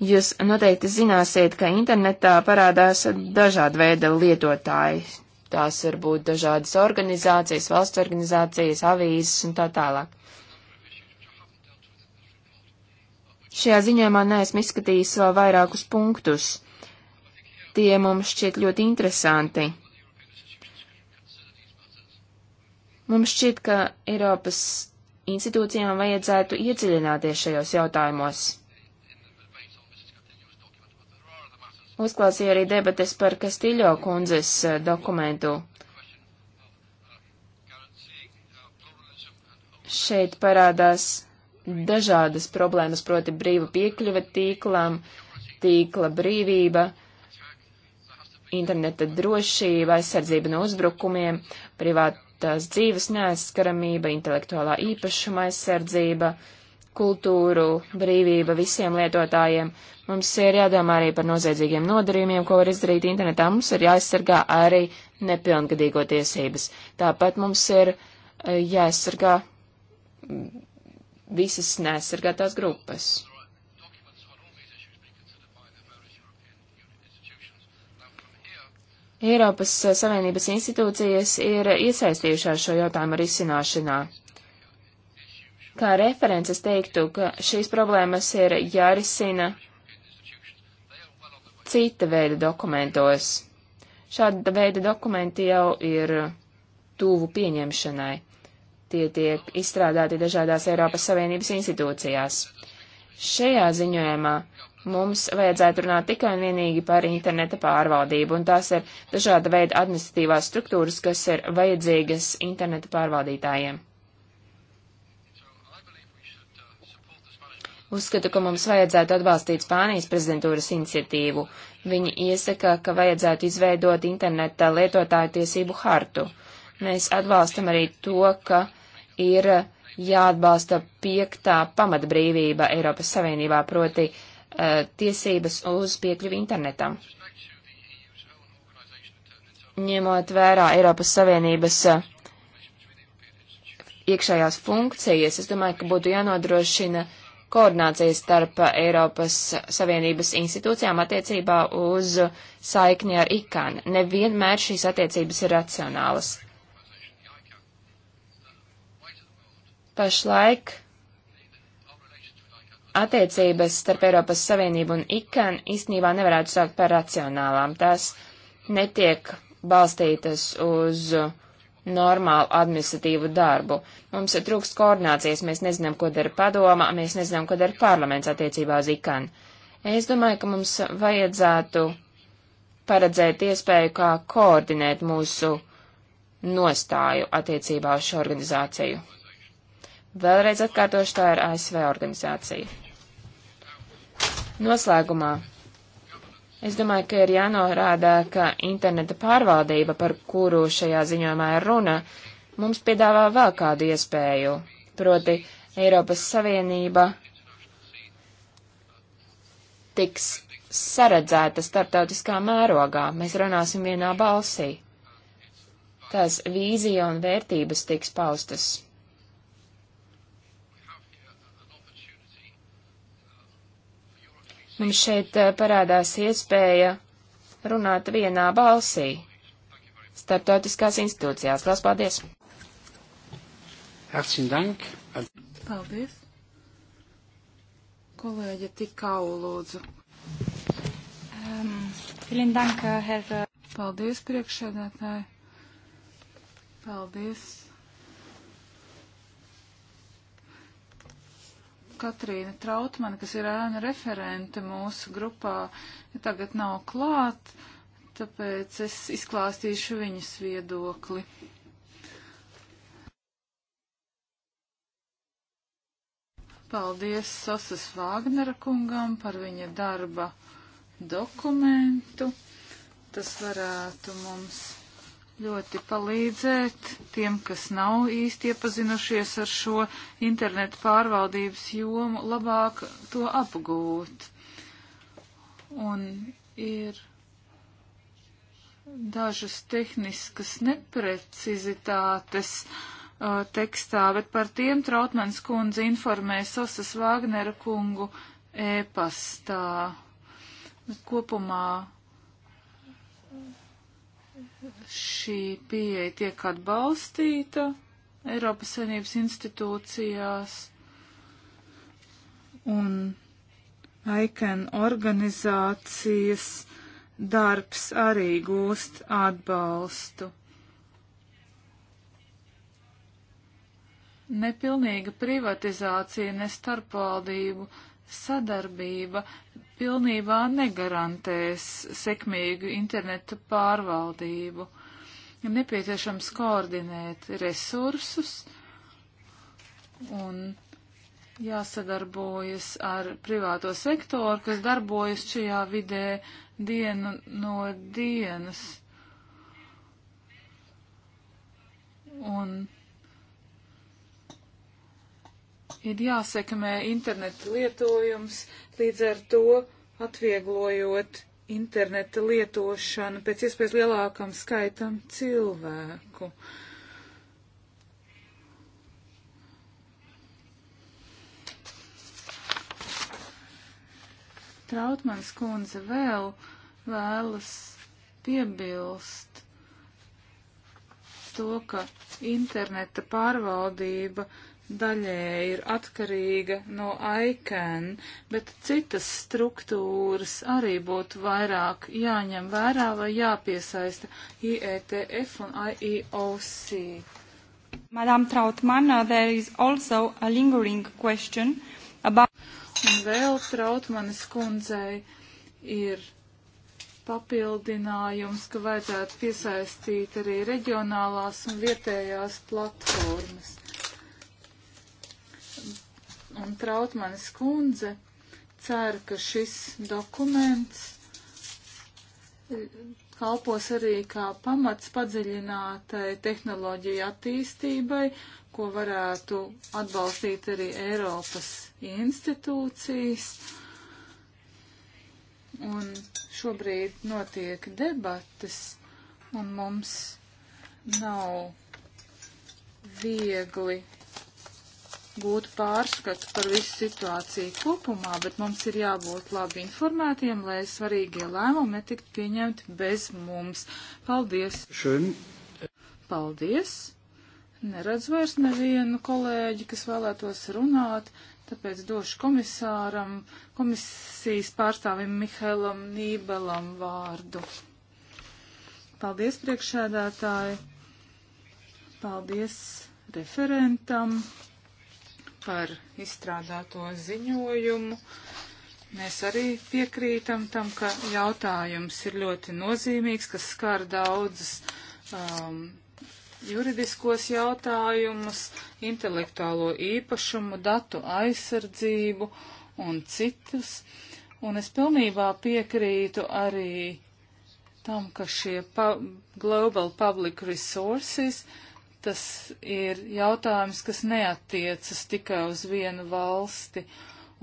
Jūs noteikti zināsiet, ka internetā parādās dažāda veida lietotāji. Tās var būt dažādas organizācijas, valsts organizācijas, avīzes un tā tālāk. Šajā ziņojumā neesmu izskatījis vēl vairākus punktus. Tie mums šķiet ļoti interesanti. Mums šķiet, ka Eiropas institūcijām vajadzētu iedziļināties šajos jautājumos. Uzklausīju arī debates par Kastīļo kundzes eh, dokumentu. Šeit parādās dažādas problēmas, proti brīva piekļuve tīklam, tīkla brīvība, interneta drošība, aizsardzība no uzbrukumiem, privātās dzīves neaizskaramība, intelektuālā īpašuma aizsardzība, uh, kultūru brīvība visiem lietotājiem. Mums ir jādomā arī par noziedzīgiem nodarījumiem, ko var izdarīt internetā. Mums ir jāaizsargā arī nepilngadīgo tiesības. Tāpat mums ir eh, jāaizsargā visas neaizsargātās grupas. Eiropas Savienības institūcijas ir iesaistījušās šo jautājumu risināšanā. Ar Kā references teiktu, ka šīs problēmas ir jārisina cita veida dokumentos. Šāda veida dokumenti jau ir tuvu pieņemšanai. Tie tiek izstrādāti dažādās Eiropas Savienības institūcijās. Šajā ziņojumā mums vajadzētu runāt tikai un vienīgi par interneta pārvaldību, un tās ir dažāda veida administratīvās struktūras, kas ir vajadzīgas interneta pārvaldītājiem. Uzskatu, ka mums vajadzētu atbalstīt Spānijas prezidentūras iniciatīvu. Viņi iesaka, ka vajadzētu izveidot interneta lietotāju tiesību hartu. Mēs atbalstam arī to, ka ir jāatbalsta piektā pamatbrīvība Eiropas Savienībā, proti uh, tiesības uz piekļuvi internetam. Ņemot vērā Eiropas Savienības uh, iekšējās funkcijas, es domāju, ka būtu jānodrošina uh, koordinācija starp Eiropas Savienības institūcijām attiecībā uz saikni ar IKAN. Nevienmēr šīs attiecības ir racionālas. Pašlaik attiecības starp Eiropas Savienību un IKAN īstenībā nevarētu sākt par racionālām. Tās netiek balstītas uz uh, normālu administratīvu darbu. Mums trūkst koordinācijas, mēs nezinām, ko dara padoma, mēs nezinām, ko dara parlaments attiecībā uz ikan. Es domāju, ka mums vajadzētu paredzēt iespēju, kā koordinēt mūsu nostāju attiecībā uz šo organizāciju. Vēlreiz atkārtošu, tā ir ASV organizācija. Noslēgumā Es domāju, ka ir jānorāda, ka interneta pārvaldība, par kuru šajā ziņojumā ir runa, mums piedāvā vēl kādu iespēju, proti Eiropas Savienība tiks saredzēta starptautiskā mērogā, mēs runāsim vienā balsī. Tās vīzija un vērtības tiks paustas Mums šeit eh, parādās iespēja runāt vienā balsī starptautiskās institūcijās. Lielas paldies! Paldies! Kolēģi tikau lūdzu. Um, Paldies priekšsēdētāji! Paldies Katrīna Trautmane, kas ir ēna referente mūsu grupā, ja tagad nav klāt, tāpēc es izklāstīšu viņas viedokli. Paldies Sosas Vāgnera kungam par viņa darba dokumentu. Tas varētu mums ļoti palīdzēt tiem, kas nav īsti iepazinušies ar šo internetu pārvaldības jomu, labāk to apgūt. Un ir dažas tehniskas neprecizitātes uh, tekstā, bet par tiem Trautmans kundze informē Sosas Vāgnera kungu e-pastā. Kopumā šī pieeja tiek atbalstīta Eiropas Savienības institūcijās un ICAN organizācijas darbs arī gūst atbalstu. Nepilnīga privatizācija, ne starpvaldību sadarbība pilnībā negarantēs sekmīgu interneta pārvaldību. Ir nepieciešams koordinēt resursus un jāsadarbojas ar privāto sektoru, kas darbojas šajā vidē dienu no dienas. Un ir jāsekmē interneta lietojums, līdz ar to atvieglojot interneta lietošanu pēc iespējas lielākam skaitam cilvēku. Trautmans kundze vēl vēlas piebilst to, ka interneta pārvaldība uh, daļēji ir atkarīga no ICAN, bet citas struktūras arī būtu vairāk jāņem vērā vai jāpiesaista IETF un IEOC. Madam Trautmann, uh, there is also a lingering question about. Un vēl Trautmanis kundzei ir papildinājums, ka vajadzētu piesaistīt arī reģionālās un vietējās platformas un Trautmanis kundze ceru, ka šis dokuments e, kalpos arī kā pamats padziļinātai tehnoloģiju attīstībai, ko varētu atbalstīt arī Eiropas institūcijas. Un šobrīd notiek debatas, un mums nav viegli gūt pārskatu par visu situāciju kopumā, bet mums ir jābūt labi informētiem, lai svarīgie lēmumi netiktu pieņemti bez mums. Paldies! Šim. Paldies! Neredz vairs nevienu kolēģi, kas vēlētos runāt, tāpēc došu komisāram, komisijas pārstāvim Mihailam Nībelam vārdu. Paldies priekšēdētāji! Paldies referentam! par izstrādāto ziņojumu. Mēs arī piekrītam tam, ka jautājums ir ļoti nozīmīgs, kas skar daudzas um, juridiskos jautājumus, intelektuālo īpašumu, datu aizsardzību un citus. Un es pilnībā piekrītu arī tam, ka šie pa Global Public Resources uh, tas ir jautājums, kas neatiecas tikai uz vienu valsti.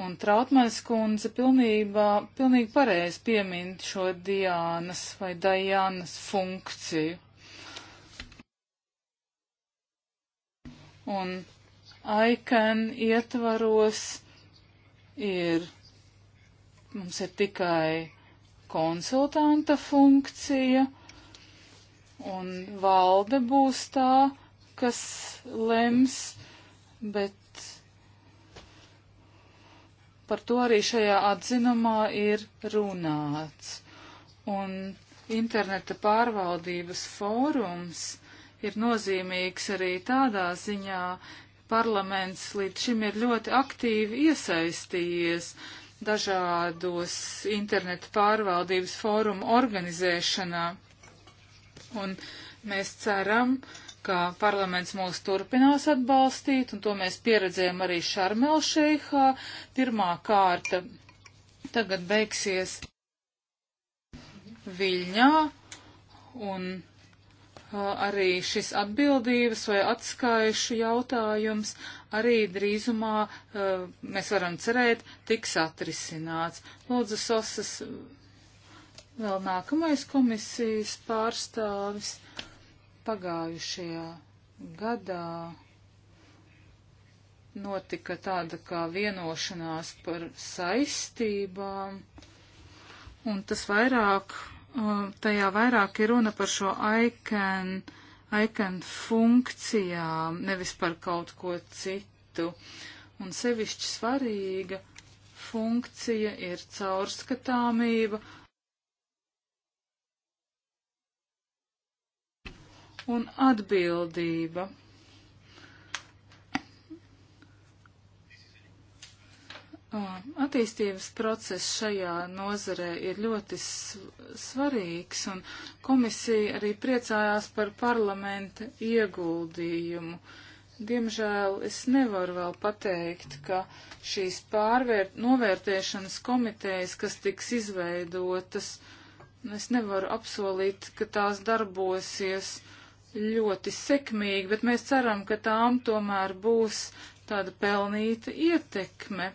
Un Trautmanis kundze pilnībā, pilnīgi pareizi piemin šo Diānas vai Dajānas funkciju. Un ICAN ietvaros ir, mums ir tikai konsultanta funkcija, un valde būs tā, kas lems, bet par to arī šajā atzinumā ir runāts. Un interneta pārvaldības fórums ir nozīmīgs arī tādā ziņā, parlaments līdz šim ir ļoti aktīvi iesaistījies dažādos interneta pārvaldības fórumu organizēšanā. Un mēs ceram, uh, ka parlaments mūs turpinās atbalstīt, un to mēs pieredzējām arī Šarmelšeihā. Pirmā kārta tagad beigsies Viļņā, un uh, arī šis atbildības vai atskaišu jautājums arī drīzumā, uh, mēs varam cerēt, tiks atrisināts. Lūdzu, Sosas, vēl nākamais komisijas pārstāvis. Uh, Pagājušajā gadā notika tāda kā vienošanās par saistībām, un tas vairāk, um, tajā vairāk ir runa par šo icon, icon funkcijām, nevis par kaut ko citu. Un sevišķi svarīga funkcija ir caurskatāmība un atbildība. Attīstības process šajā nozarē ir ļoti svarīgs, un komisija arī priecājās par parlamenta ieguldījumu. Diemžēl es nevaru vēl pateikt, ka šīs pārvērt, novērtēšanas komitejas, kas tiks izveidotas, es nevaru apsolīt, ka tās darbosies uh, ļoti sekmīgi, bet mēs ceram, ka tām tomēr būs tāda pelnīta ietekme.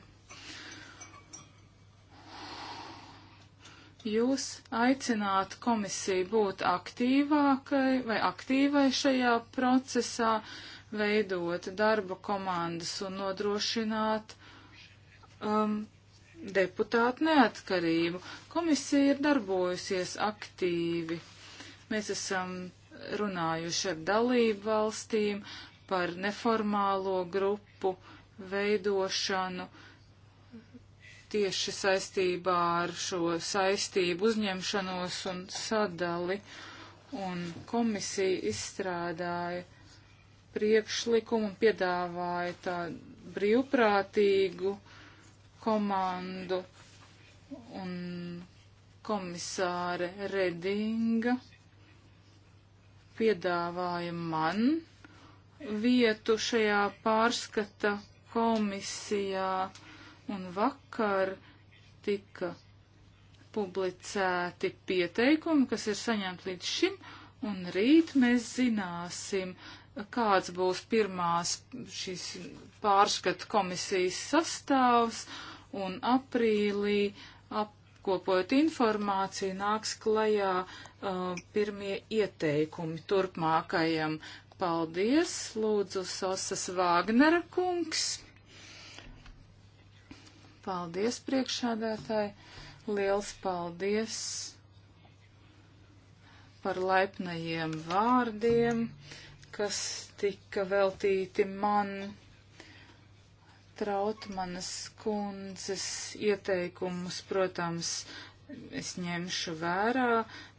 Jūs aicināt komisiju būt aktīvākai vai aktīvai šajā procesā, veidot darba komandas un nodrošināt um, deputātu neatkarību. Komisija ir darbojusies aktīvi. Mēs esam runājuši ar dalību valstīm par neformālo grupu veidošanu tieši saistībā ar šo saistību uzņemšanos un sadali. Un komisija izstrādāja priekšlikumu un piedāvāja tādu brīvprātīgu komandu un komisāre Redinga piedāvāja man vietu šajā pārskata komisijā, un vakar tika publicēti pieteikumi, kas ir saņemti līdz šim, un rīt mēs zināsim, kāds būs pirmās šīs pārskata komisijas sastāvs, un aprīlī ap apkopojot informāciju, nāks klajā uh, pirmie ieteikumi turpmākajam. Paldies, lūdzu, Sosas Vāgnera kungs. Paldies, priekšādētāji. Liels paldies par laipnajiem vārdiem, kas tika veltīti man. Trautmanas kundzes ieteikumus, protams, es ņemšu vērā.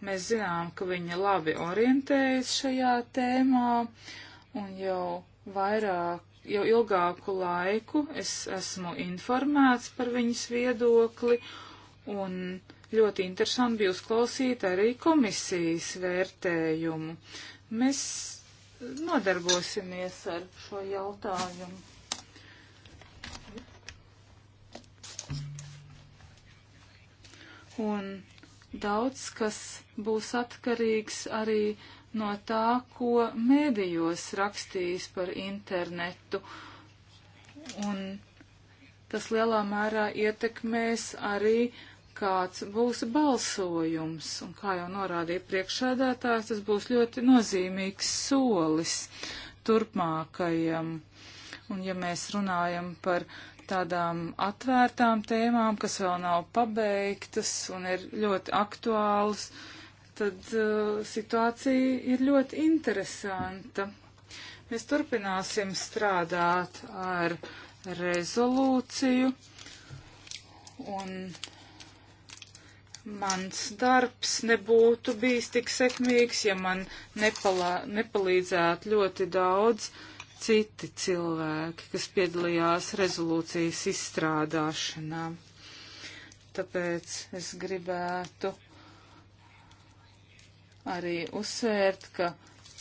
Mēs zinām, ka viņa labi orientējas šajā tēmā un jau vairāk, jau ilgāku laiku es esmu informēts par viņas viedokli un ļoti interesanti bija uzklausīt arī komisijas vērtējumu. Mēs nodarbosimies ar šo jautājumu. un daudz kas būs atkarīgs arī no tā, ko mēdījos rakstīs par internetu. Un tas lielā mērā ietekmēs arī, kāds būs balsojums. Un kā jau norādīja priekšādātājs, tas būs ļoti nozīmīgs solis turpmākajam. Un ja mēs runājam par tādām atvērtām tēmām, kas vēl nav pabeigtas un ir ļoti aktuālas, tad uh, situācija ir ļoti interesanta. Mēs turpināsim strādāt ar rezolūciju un mans darbs nebūtu bijis tik sekmīgs, ja man nepalā, nepalīdzētu ļoti daudz uh, citi cilvēki, kas piedalījās rezolūcijas izstrādāšanā. Tāpēc es gribētu arī uzsvērt, ka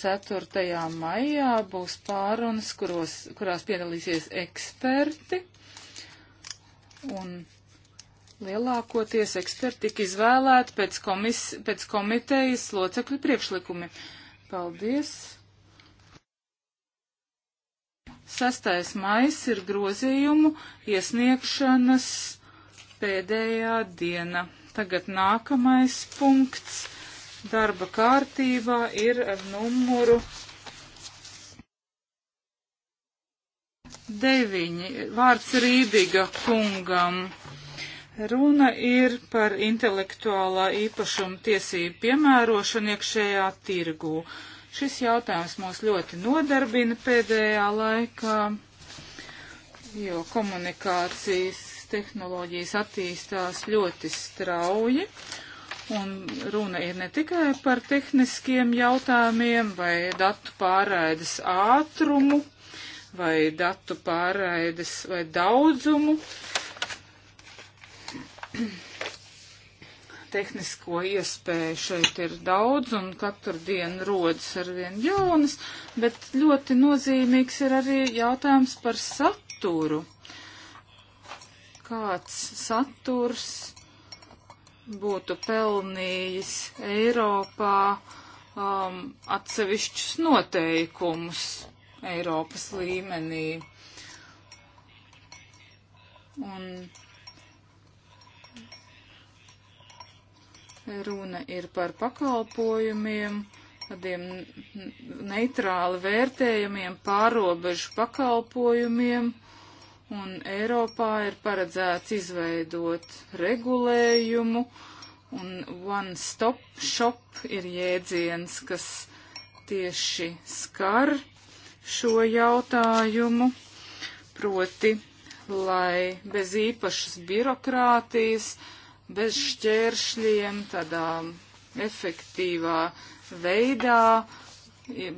4. maijā būs pārunas, kuros, kurās piedalīsies eksperti. Un lielākoties eksperti tika izvēlēti pēc, komis, pēc komitejas locekļu priekšlikumi. Paldies! Sastais mais ir grozījumu iesniegšanas pēdējā diena. Tagad nākamais punkts darba kārtībā ir ar numuru 9. Vārds Rībiga kungam. Runa ir par intelektuālā īpašuma tiesību piemērošanu iekšējā tirgū. Šis jautājums mūs ļoti nodarbina pēdējā laikā, jo komunikācijas tehnoloģijas attīstās ļoti strauji. Un runa ir ne tikai par tehniskiem jautājumiem vai datu pārraides ātrumu vai datu pārraides vai daudzumu. Tehnisko iespēju šeit ir daudz un katru dienu rodas arvien jaunas, bet ļoti nozīmīgs ir arī jautājums par saturu. Kāds saturs būtu pelnījis Eiropā um, atsevišķus noteikumus Eiropas līmenī? Un Runa ir par pakalpojumiem, tādiem neitrāli vērtējumiem, pārobežu pakalpojumiem, un Eiropā ir paredzēts izveidot regulējumu, un One Stop Shop ir jēdziens, kas tieši skar šo jautājumu, proti, lai bez īpašas birokrātijas, bez šķēršļiem, tādā efektīvā veidā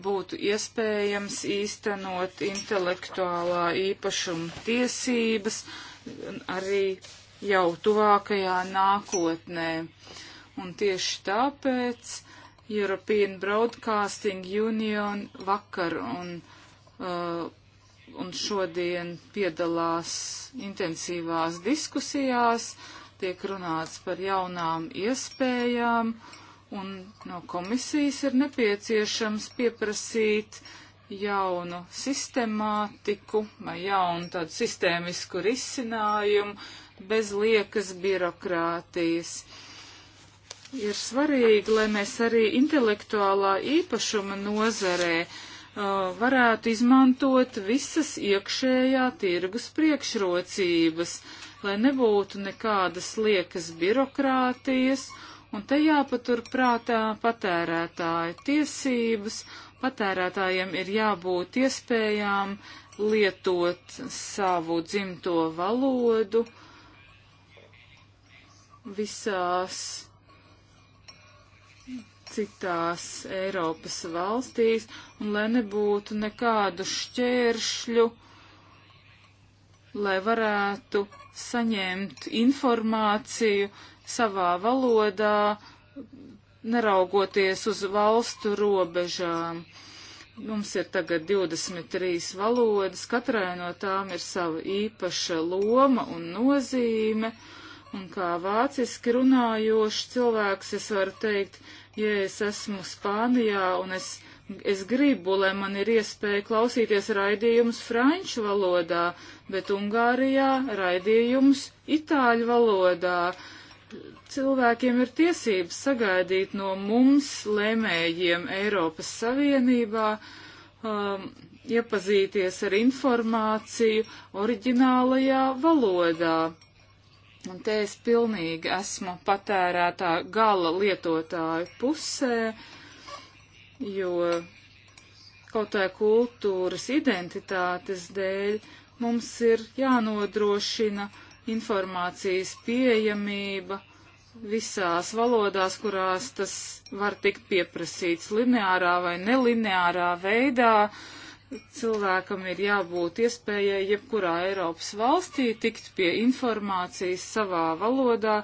būtu iespējams īstenot intelektuālā īpašuma tiesības arī jau tuvākajā nākotnē. Un tieši tāpēc European Broadcasting Union vakar un, uh, un šodien piedalās intensīvās diskusijās, uh, tiek runāts par jaunām iespējām, un no komisijas ir nepieciešams pieprasīt jaunu sistemātiku vai jaunu tādu sistēmisku risinājumu bez liekas birokrātijas. Ir svarīgi, lai mēs arī intelektuālā īpašuma nozarē uh, varētu izmantot visas iekšējā tirgus priekšrocības, uh, lai nebūtu nekādas liekas birokrātijas, un te jāpatur prātā patērētāja tiesības, patērētājiem ir jābūt iespējām lietot savu dzimto valodu visās citās Eiropas valstīs, un lai nebūtu nekādu šķēršļu, lai varētu saņemt informāciju savā valodā, neraugoties uz valstu robežām. Mums ir tagad 23 valodas, katrai no tām ir sava īpaša loma un nozīme, un kā vāciski runājošs cilvēks es varu teikt, ja es esmu Spānijā un es Es gribu, lai man ir iespēja klausīties raidījumus franču valodā, bet Ungārijā raidījumus itāļu valodā. Cilvēkiem ir tiesības sagaidīt no mums, lēmējiem Eiropas Savienībā, um, iepazīties ar informāciju oriģinālajā valodā. Un te es pilnīgi esmu patērētā gala lietotāju pusē. Uh, jo kaut vai kultūras identitātes dēļ mums ir jānodrošina informācijas pieejamība visās valodās, kurās tas var tikt pieprasīts lineārā vai nelineārā veidā. Cilvēkam ir jābūt iespējai jebkurā Eiropas valstī tikt pie informācijas savā valodā,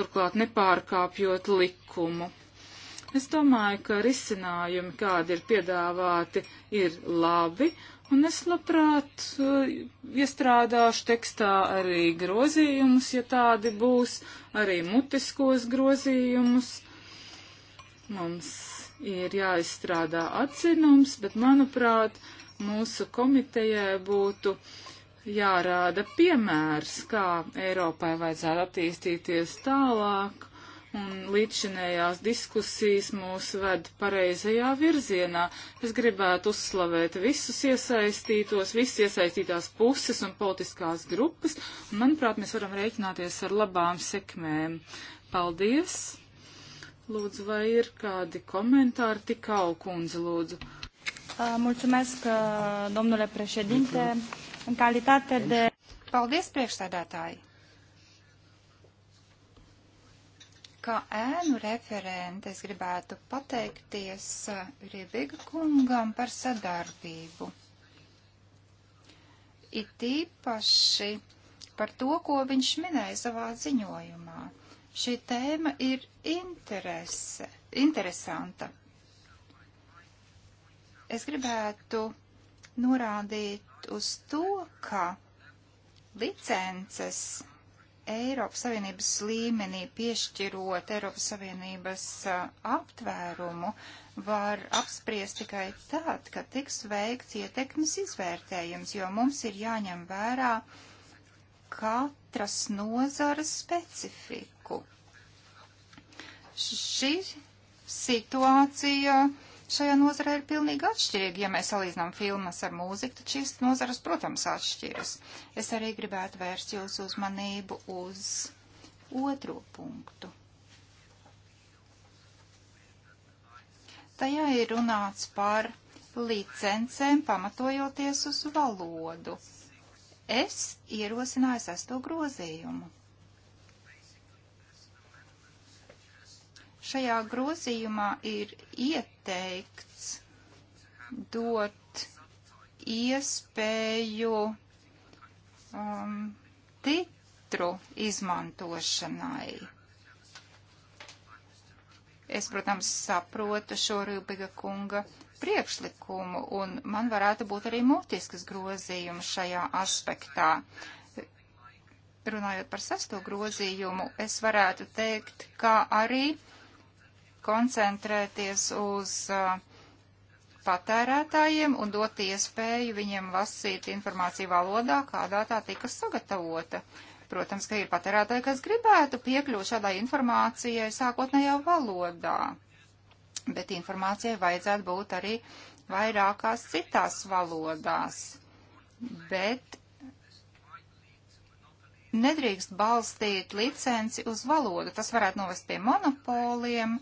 turklāt nepārkāpjot likumu. Es domāju, ka risinājumi, kādi ir piedāvāti, ir labi, un es labprāt uh, iestrādāšu tekstā arī grozījumus, ja tādi būs, arī mutiskos grozījumus. Mums ir jāizstrādā atzinums, bet, manuprāt, mūsu komitejai būtu jārāda piemērs, kā Eiropai vajadzētu attīstīties tālāk un līdzšinējās diskusijas mūs ved pareizajā virzienā. Es gribētu uzslavēt visus iesaistītos, visas iesaistītās puses un politiskās grupas, un manuprāt, mēs varam rēķināties ar labām sekmēm. Paldies! Lūdzu, vai ir kādi komentāri tikau, kundze, lūdzu? Uh, mulțumesc, uh, domnule președinte, în calitate de... Paldies, priekšsēdētāji! Kā ēnu referente es gribētu pateikties eh, Riebiga kungam par sadarbību. It īpaši par to, ko viņš minēja savā ziņojumā. Šī tēma ir interese, interesanta. Es gribētu norādīt uz to, ka licences Eiropas Savienības līmenī piešķirot Eiropas Savienības aptvērumu var apspriest tikai tad, kad tiks veikts ietekmes izvērtējums, jo mums ir jāņem vērā katras nozaras specifiku. Šī situācija uh, šajā nozarē ir pilnīgi atšķirīgi. Ja mēs salīdzinām filmas ar mūziku, tad šīs nozaras, protams, atšķiras. Es arī gribētu vērst jūsu uzmanību uz otro punktu. Tajā ir runāts par licencēm pamatojoties uz valodu. Es ierosināju sesto grozījumu. Šajā grozījumā ir ieteikts dot iespēju um, titru izmantošanai. Es, protams, saprotu šo Rūbiga kunga priekšlikumu, un man varētu būt arī mutiskas grozījums šajā aspektā. Runājot par sesto grozījumu, es varētu teikt, ka arī koncentrēties uz uh, patērētājiem un dot iespēju viņiem lasīt informāciju valodā, kādā tā tika sagatavota. Protams, ka ir patērētāji, kas gribētu piekļūt šādai informācijai sākotnējā valodā, bet informācijai vajadzētu būt arī vairākās citās valodās. Bet nedrīkst balstīt licenci uz valodu. Tas varētu novest pie monopoliem,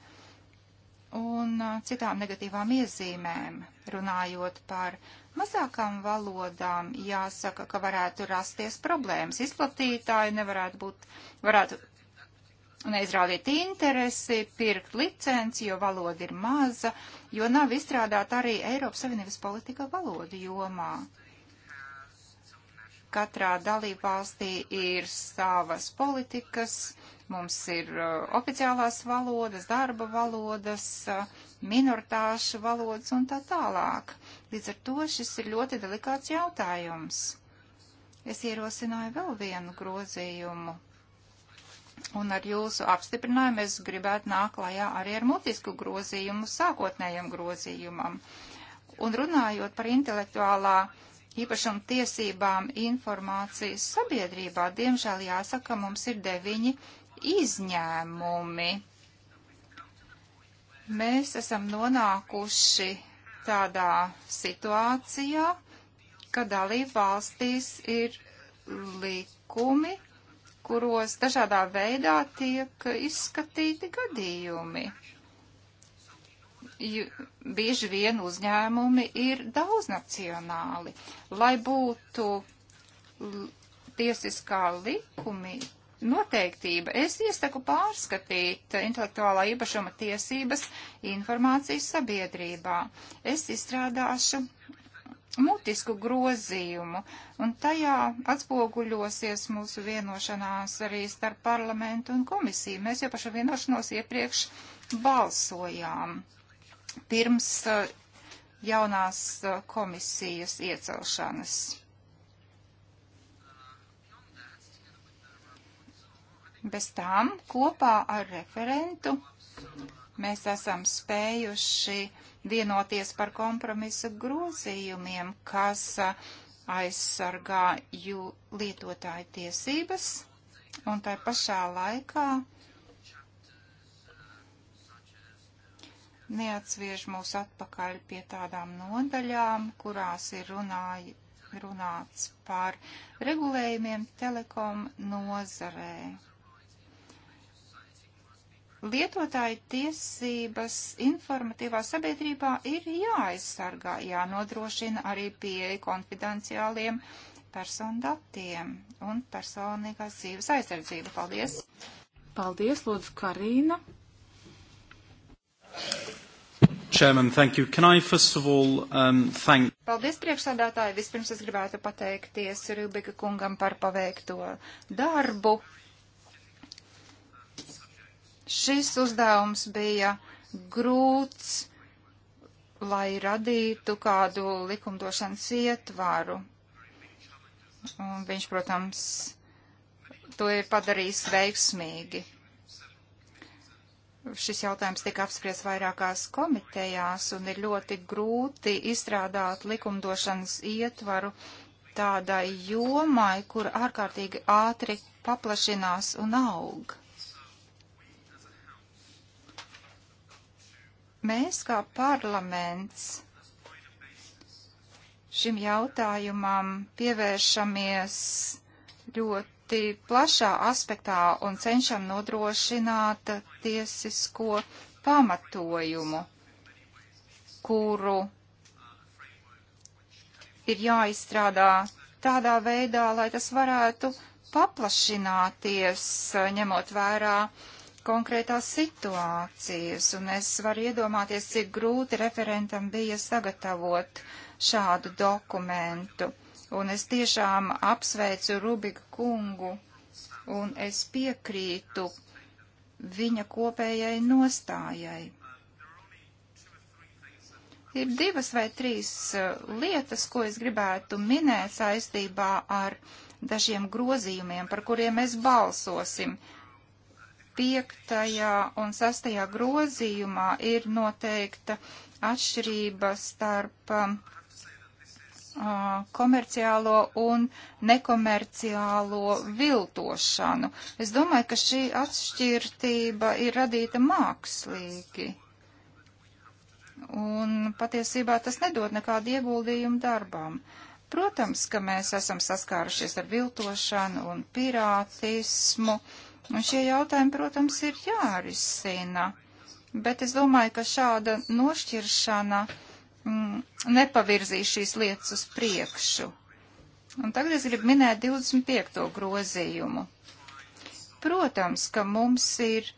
un citām negatīvām iezīmēm. Runājot par mazākām valodām, jāsaka, ka varētu rasties problēmas. Izplatītāji nevarētu būt, varētu neizrādīt interesi, pirkt licenci, jo valoda ir maza, jo nav izstrādāta arī Eiropas Savienības politika valodu jomā. Katrā dalībvalstī ir savas politikas, mums ir uh, oficiālās valodas, darba valodas, uh, minoritāšu valodas un tā tālāk. Līdz ar to šis ir ļoti delikāts jautājums. Es ierosināju vēl vienu grozījumu. Un ar jūsu apstiprinājumu es gribētu nākt klajā arī ar mutisku grozījumu, sākotnējam grozījumam. Un runājot par intelektuālā īpašuma tiesībām informācijas sabiedrībā, diemžēl jāsaka, mums ir deviņi izņēmumi. Mēs esam nonākuši tādā situācijā, ka dalību valstīs ir likumi, kuros dažādā veidā tiek izskatīti gadījumi bieži vien uzņēmumi ir daudznacionāli. Lai būtu tiesiskā likumi, noteiktība, es iesaku pārskatīt intelektuālā īpašuma tiesības informācijas sabiedrībā. Es izstrādāšu mutisku grozījumu, un tajā atspoguļosies mūsu vienošanās arī starp parlamentu un komisiju. Mēs jau par šo vienošanos iepriekš balsojām pirms eh, jaunās eh, komisijas iecelšanas. Bez tām kopā ar referentu mēs esam spējuši vienoties par kompromisa grozījumiem, kas eh, aizsargā jū lietotāju tiesības un tai pašā laikā neatsviež mūs atpakaļ pie tādām nodaļām, kurās ir runāj, runāts par regulējumiem telekom nozarē. Lietotāju tiesības informatīvā sabiedrībā ir jāaizsargā, jānodrošina arī pieeja konfidenciāliem personu datiem un personīgās dzīves aizsardzība. Paldies! Paldies, Lūdzu, Karīna! Chairman, thank you. Can I first of all um, thank... Paldies priekšsādātāji. Vispirms es gribētu pateikties Rubika kungam par paveikto darbu. Šis uzdevums bija grūts, lai radītu kādu likumdošanas ietvaru. Un viņš, protams, to ir padarījis veiksmīgi. Šis jautājums tika apspriests vairākās komitejās un ir ļoti grūti izstrādāt likumdošanas ietvaru tādai jomai, kur ārkārtīgi ātri paplašinās un aug. Mēs kā parlaments šim jautājumam pievēršamies ļoti ļoti plašā aspektā un cenšam nodrošināt tiesisko pamatojumu, kuru ir jāizstrādā tādā veidā, lai tas varētu paplašināties, ņemot vērā konkrētās situācijas, un es varu iedomāties, cik grūti referentam bija sagatavot šādu dokumentu. Un es tiešām apsveicu Rubiku kungu, un es piekrītu viņa kopējai nostājai. Ir divas vai trīs uh, lietas, ko es gribētu minēt saistībā ar dažiem grozījumiem, par kuriem mēs balsosim. Piektajā un sastajā grozījumā ir noteikta atšķirība starp um, Uh, komerciālo un nekomerciālo viltošanu. Es domāju, ka šī atšķirtība ir radīta mākslīgi. Un patiesībā tas nedod nekādu ieguldījumu darbām. Protams, ka mēs esam saskārušies ar viltošanu un pirātismu, un šie jautājumi, protams, ir jārisina. Bet es domāju, ka šāda nošķiršana uh, mm, nepavirzīs šīs lietas uz priekšu. Un tagad es gribu minēt 25. grozījumu. Protams, ka mums ir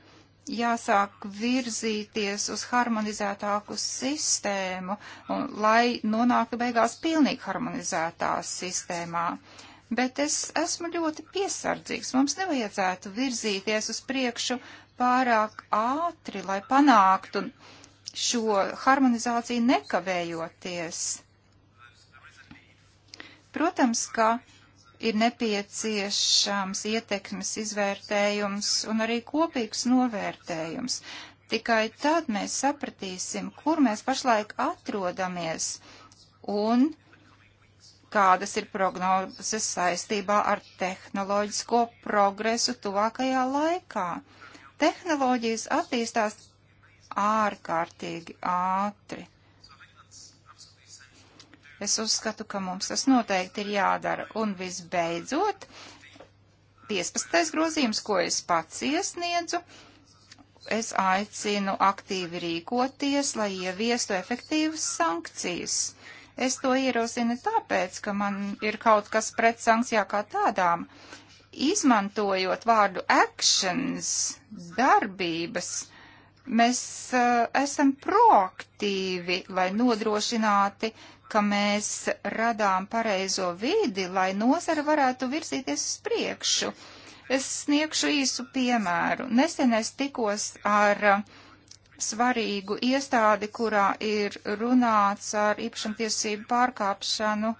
jāsāk virzīties uz harmonizētāku sistēmu, un, lai nonāktu beigās pilnīgi harmonizētā sistēmā. Bet es esmu ļoti piesardzīgs. Mums nevajadzētu virzīties uz priekšu pārāk ātri, lai panāktu un šo harmonizāciju nekavējoties. Protams, ka ir nepieciešams ietekmes izvērtējums un arī kopīgs novērtējums. Tikai tad mēs sapratīsim, kur mēs pašlaik atrodamies un kādas ir prognozes saistībā ar tehnoloģisko progresu tuvākajā laikā. Tehnoloģijas attīstās ārkārtīgi ātri. Es uzskatu, ka mums tas noteikti ir jādara. Un visbeidzot, 15. grozījums, ko es pats iesniedzu, es aicinu aktīvi rīkoties, lai ieviestu efektīvas sankcijas. Es to ierosinu tāpēc, ka man ir kaut kas pret sankcijā kā tādām. Izmantojot vārdu actions, darbības, Mēs uh, esam proaktīvi, lai nodrošināti, ka mēs radām pareizo vidi, lai nozara varētu virzīties uz priekšu. Es sniegšu īsu piemēru. Nesen es tikos ar uh, svarīgu iestādi, kurā ir runāts ar īpašumtiesību pārkāpšanu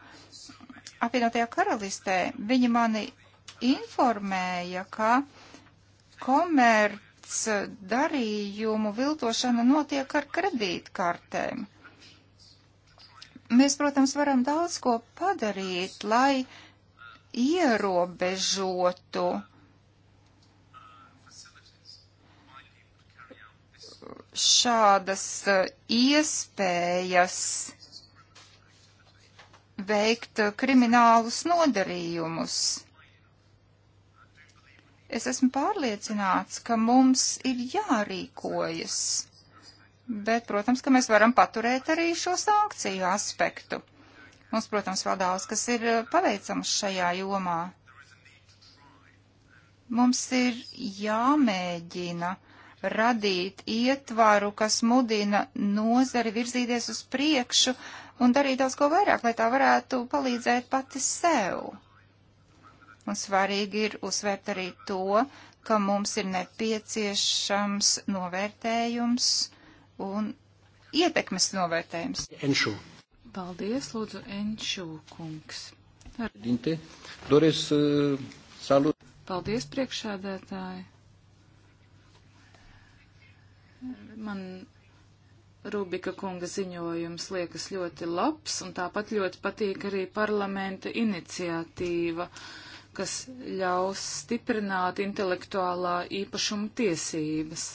apvienotajā karalistē. Viņi mani informēja, ka komerci valsts eh, darījumu viltošana notiek ar kredītkartēm. Mēs, protams, varam daudz ko padarīt, lai ierobežotu eh, šādas eh, iespējas veikt kriminālus nodarījumus. Es esmu pārliecināts, ka mums ir jārīkojas, bet, protams, ka mēs varam paturēt arī šo sankciju aspektu. Mums, protams, vēl daudz, kas ir eh, paveicams šajā jomā. Mums ir jāmēģina radīt ietvaru, kas mudina nozari virzīties uz priekšu un darīt daudz ko vairāk, lai tā varētu palīdzēt pati sev. Un svarīgi ir uzsvērt arī to, ka mums ir nepieciešams novērtējums un ietekmes novērtējums. Enšu. Paldies, lūdzu, Enšu kungs. Ar... Dinte, Doris, uh, eh, salut. Paldies, priekšādētāji. Man Rubika kunga ziņojums liekas ļoti labs, un tāpat ļoti patīk arī parlamenta iniciatīva. Uh, kas ļaus stiprināt intelektuālā īpašuma tiesības.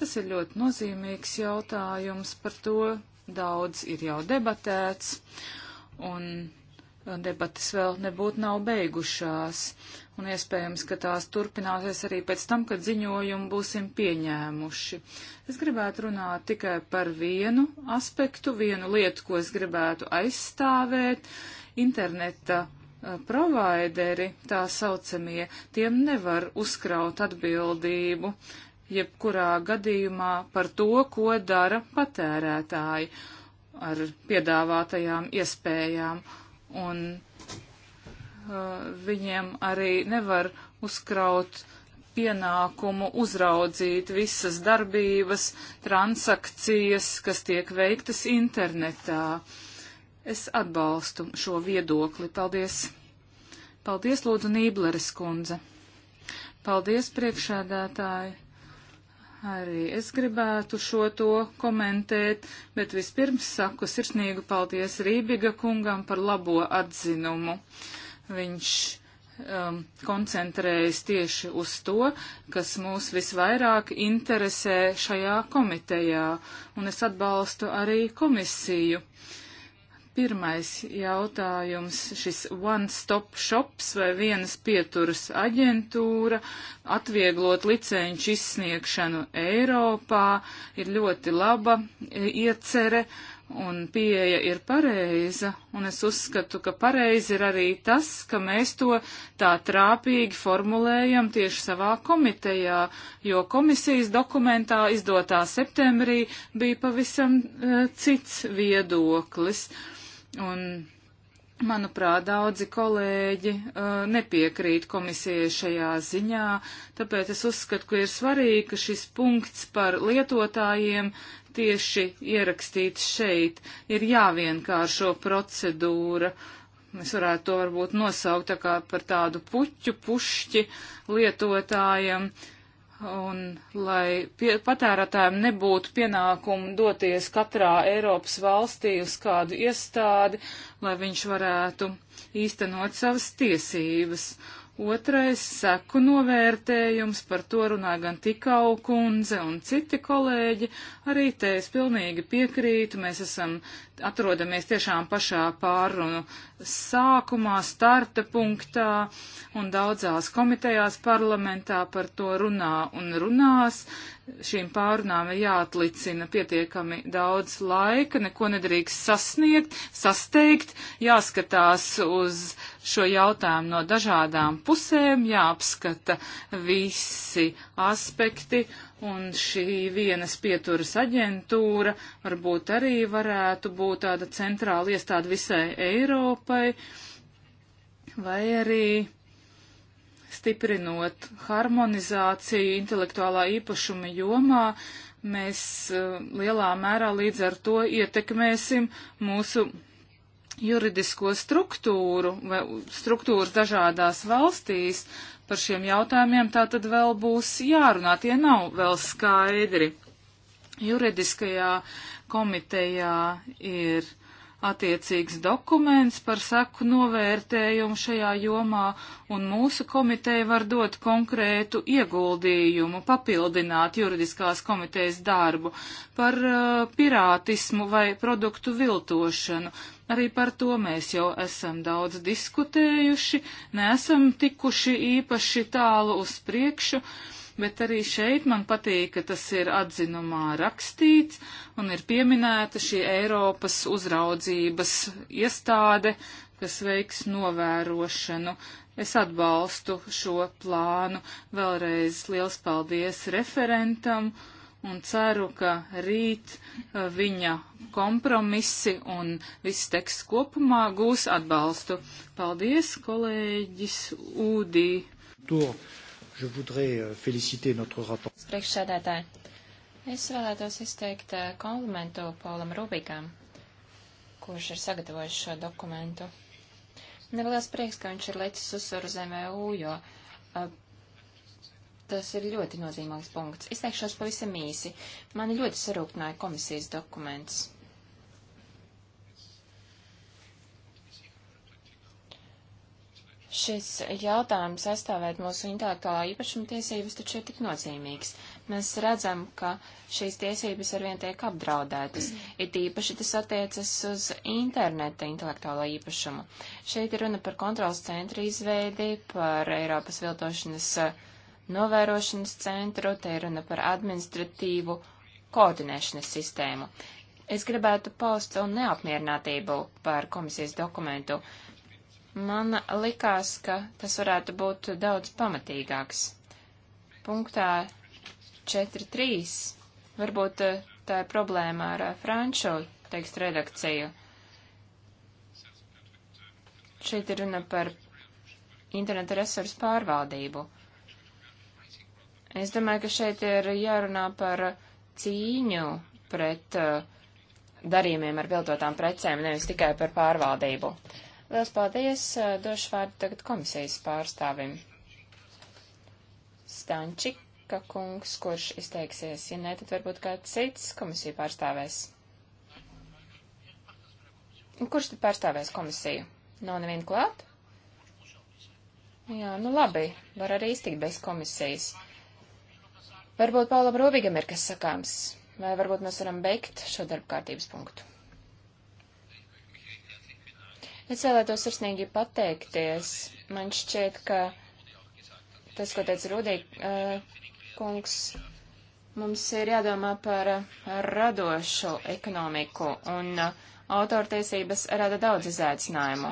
Tas ir ļoti nozīmīgs jautājums, par to daudz ir jau debatēts, un debatas vēl nebūtu nav beigušās, un iespējams, ka tās turpināsies arī pēc tam, kad ziņojumu būsim pieņēmuši. Es gribētu runāt tikai par vienu aspektu, vienu lietu, ko es gribētu aizstāvēt - interneta Eh, provaideri, tā saucamie, tiem nevar uzkraut atbildību jebkurā gadījumā par to, ko dara patērētāji ar piedāvātajām iespējām. Un uh, viņiem arī nevar uzkraut pienākumu uzraudzīt visas darbības, transakcijas, kas tiek veiktas internetā. Uh, Es atbalstu šo viedokli. Paldies! Paldies, lūdzu, Nībleres kundze! Paldies, priekšādātāji! Arī es gribētu šo to komentēt, bet vispirms saku sirsnīgu paldies Rībiga kungam par labo atzinumu. Viņš um, koncentrējas tieši uz to, kas mūs visvairāk interesē šajā komitejā, un es atbalstu arī komisiju. Uh, Pirmais jautājums - šis one-stop shops vai vienas pieturas aģentūra atvieglot licenču izsniegšanu Eiropā ir ļoti laba e, iecere un pieeja ir pareiza, un es uzskatu, ka pareizi ir arī tas, ka mēs to tā trāpīgi formulējam tieši savā komitejā, jo komisijas dokumentā izdotā septembrī bija pavisam uh, cits viedoklis. Uh, Un, manuprāt, daudzi kolēģi uh, nepiekrīt komisijai šajā ziņā, tāpēc es uzskatu, ka ir svarīgi, ka šis punkts par lietotājiem tieši ierakstīts šeit. Ir jāvienkāršo procedūra. Es varētu to varbūt nosaukt tā kā par tādu puķu pušķi lietotājiem. Uh, un lai pie, patērētājiem nebūtu pienākumu doties katrā Eiropas valstī uz kādu iestādi, lai viņš varētu īstenot savas tiesības. Otrais seku novērtējums, par to runā gan Tikau kundze un citi kolēģi. Arī te es pilnīgi piekrītu, mēs esam, atrodamies tiešām pašā pārunu sākumā, starta punktā, un daudzās komitejās parlamentā par to runā un runās. Šīm pārunām ir jāatlicina pietiekami daudz laika, neko nedrīkst sasniegt, sasteigt, jāskatās uz šo jautājumu no dažādām pusēm, jāapskata visi aspekti, un šī vienas pieturas aģentūra varbūt arī varētu būt tāda centrāla iestāde visai Eiropai, vai arī stiprinot harmonizāciju intelektuālā īpašuma jomā, mēs uh, lielā mērā līdz ar to ietekmēsim mūsu juridisko struktūru vai struktūras dažādās valstīs par šiem jautājumiem, tā tad vēl būs jārunā. Tie nav vēl skaidri. Juridiskajā komitejā ir attiecīgs dokuments par seku novērtējumu šajā jomā, un mūsu komiteja var dot konkrētu ieguldījumu, papildināt juridiskās komitejas darbu par uh, pirātismu vai produktu viltošanu. Arī par to mēs jau esam daudz diskutējuši, neesam tikuši īpaši tālu uz priekšu, bet arī šeit man patīk, ka tas ir atzinumā rakstīts un ir pieminēta šī Eiropas uzraudzības iestāde, kas veiks novērošanu. Es atbalstu šo plānu. Vēlreiz liels paldies referentam. Uh, un ceru, ka rīt uh, viņa kompromisi un viss teksts kopumā gūs atbalstu. Paldies, kolēģis Ūdī. Uh, Priekšsēdētāji, es vēlētos izteikt uh, komplimentu Paulam Rubikam, kurš ir sagatavojis šo dokumentu. Nevēlas prieks, ka viņš ir lecis uzsvaru zemē U, jo tas ir ļoti nozīmīgs punkts. Izteikšos pavisam īsi. Mani ļoti sarūpināja komisijas dokuments. Šis jautājums aizstāvēt mūsu intelektuālā īpašuma tiesības taču ir tik nozīmīgs. Mēs redzam, ka šīs tiesības arvien tiek apdraudētas. It īpaši tas attiecas uz interneta intelektuālo īpašumu. Šeit ir runa par kontrols centra izveidi, par Eiropas viltošanas uh, novērošanas centru, te ir runa par administratīvu koordinēšanas sistēmu. Es gribētu paust savu neapmierinātību par komisijas dokumentu. Man likās, ka tas varētu būt daudz pamatīgāks. Punktā 4.3. Varbūt eh, tā ir problēma ar eh, franču tekstu redakciju. Šeit ir runa par interneta resursu pārvaldību. Es domāju, ka šeit ir jārunā par cīņu pret eh, darījumiem ar viltotām precēm, nevis tikai par pārvaldību. Liels paldies! Eh, došu vārdu tagad komisijas pārstāvim. Stančika kungs, kurš izteiksies, ja ne, tad varbūt kāds cits komisiju pārstāvēs. Kurš tad pārstāvēs komisiju? Nav neviena klāt? Jā, nu labi, var arī iztikt bez komisijas. Varbūt Paulam Robīgam ir kas sakāms, vai varbūt mēs varam beigt šo darba kārtības punktu. Es vēlētos sirsnīgi pateikties. Man šķiet, ka tas, ko teica Rudī eh, kungs, mums ir jādomā par radošu ekonomiku, un eh, autortiesības rada daudz izaicinājumu.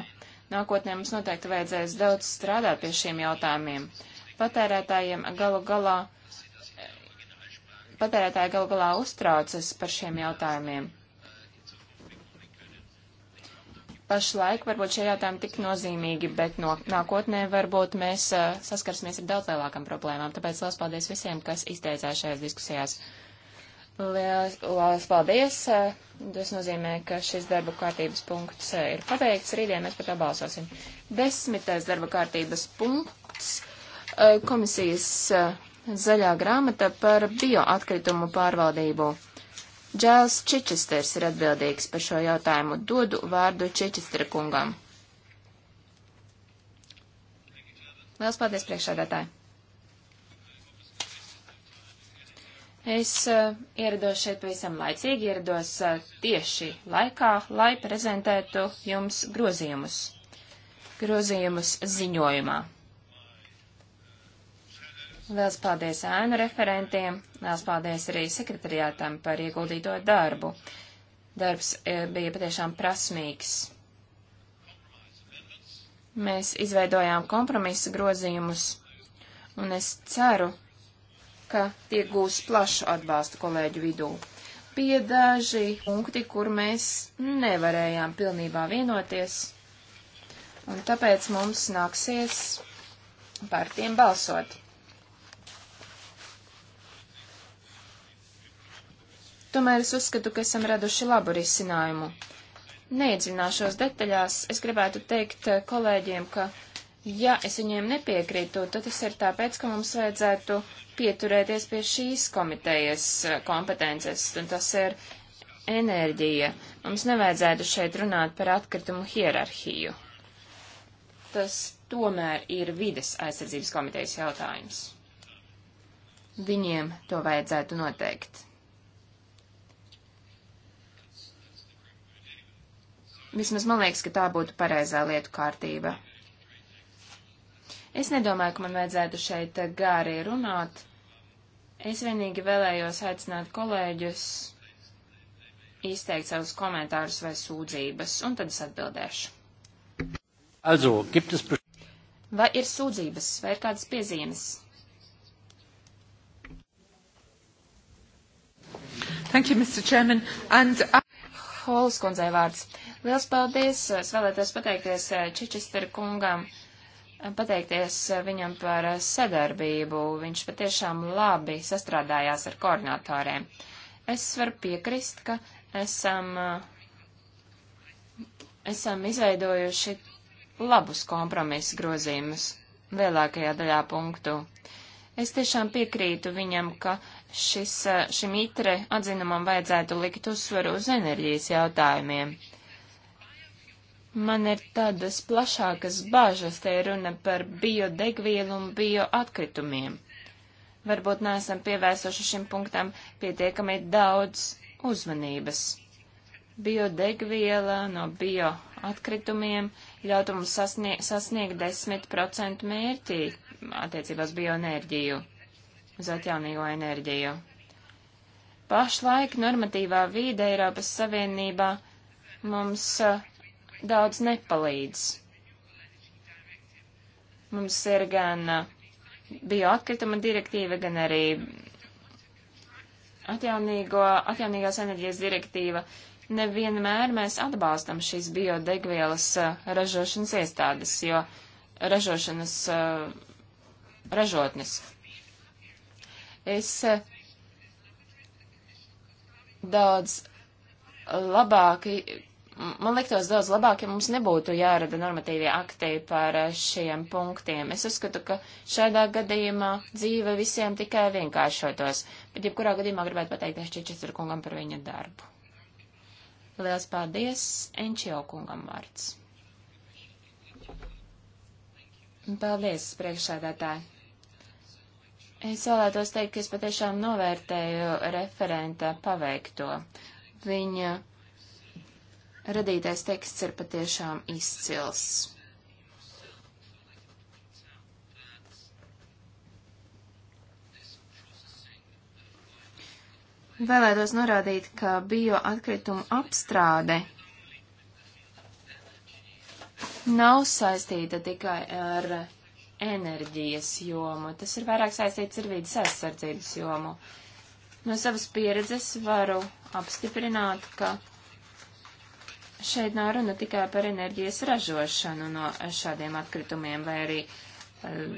Nākotnē mums noteikti vajadzēs daudz strādāt pie šiem jautājumiem. Patērētājiem galu galā patērētāji gal galā uztraucas par šiem jautājumiem. Pašlaik varbūt šie jautājumi tik nozīmīgi, bet no nākotnē varbūt mēs uh, saskarsimies ar daudz lielākām problēmām. Tāpēc liels paldies visiem, kas izteicās šajās diskusijās. Liels, liels paldies! Uh, tas nozīmē, ka šis darba kārtības punkts uh, ir pabeigts. Rītdien mēs par to balsosim. Desmitais darba kārtības punkts komisijas zaļā grāmata par bioatkritumu pārvaldību. Džēls Čičesters ir atbildīgs par šo jautājumu. Dodu vārdu Čičestera kungam. Lielas paldies priekšādātāji. Es uh, ierados šeit pavisam laicīgi, ierados uh, tieši laikā, lai prezentētu jums grozījumus. Grozījumus ziņojumā. Liels paldies ēnu referentiem, liels paldies arī sekretariātam par ieguldīto darbu. Darbs e, bija patiešām prasmīgs. Mēs izveidojām kompromisa grozījumus, un es ceru, ka tie gūs plašu atbalstu kolēģu vidū. Bija daži punkti, kur mēs nevarējām pilnībā vienoties, un tāpēc mums nāksies par tiem balsot. Tomēr es uzskatu, ka esam raduši labu risinājumu. Neiedziļināšos detaļās, es gribētu teikt eh, kolēģiem, ka, ja es viņiem nepiekrītu, tad tas ir tāpēc, ka mums vajadzētu pieturēties pie šīs komitejas eh, kompetences, un tas ir enerģija. Mums nevajadzētu šeit runāt par atkritumu hierarhiju. Tas tomēr ir vides aizsardzības komitejas jautājums. Viņiem to vajadzētu noteikt. Vismaz man liekas, ka tā būtu pareizā lietu kārtība. Es nedomāju, ka man vajadzētu šeit gārī runāt. Es vienīgi vēlējos aicināt kolēģus izteikt savus komentārus vai sūdzības, un tad es atbildēšu. Also, gibt es... Vai ir sūdzības, vai ir kādas piezīmes? Thank you, Mr. Chairman. And... Holas kundzei vārds. Liels paldies! Es vēlētos pateikties eh, Čičester kungam, eh, pateikties eh, viņam par sadarbību. Viņš patiešām labi sastrādājās ar koordinatoriem. Es varu piekrist, ka esam, esam izveidojuši labus kompromisu grozījumus lielākajā daļā punktu. Es tiešām piekrītu viņam, ka šis, šim itre atzinumam vajadzētu likt uzsvaru uz enerģijas jautājumiem. Man ir tādas plašākas bāžas, te ir runa par biodegvielu un bioatkritumiem. Varbūt neesam pievērsuši šim punktam pietiekami daudz uzmanības. Biodegviela no bioatkritumiem ļautu mums sasnie sasniegt 10% mērķi attiecībās bioenerģiju, uz atjaunīgo enerģiju. Pašlaik normatīvā vīde Eiropas Savienībā mums uh, daudz nepalīdz. Mums ir gan uh, bioatkrituma direktīva, gan arī atjaunīgo, atjaunīgās enerģijas direktīva. Nevienmēr mēs atbalstam šīs biodegvielas uh, ražošanas iestādes, jo ražošanas uh, ražotnes. Es daudz labāk Man liktos daudz labāk, ja mums nebūtu jārada normatīvie akti par eh, šiem punktiem. Es uzskatu, ka šādā gadījumā dzīve visiem tikai vienkāršotos, bet jebkurā gadījumā gribētu pateikties Čičester kungam par viņa darbu. Liels paldies, Enčio kungam vārds. Paldies, priekšsēdētāji. Es vēlētos teikt, ka es patiešām novērtēju referenta paveikto. Viņa radītais teksts ir patiešām izcils. Vēlētos norādīt, ka bioatkritumu apstrāde nav saistīta tikai ar enerģijas jomu, tas ir vairāk saistīts ar vīdes aizsardzības jomu. No savas pieredzes varu apstiprināt, ka šeit nav runa tikai par enerģijas ražošanu no šādiem atkritumiem vai arī um,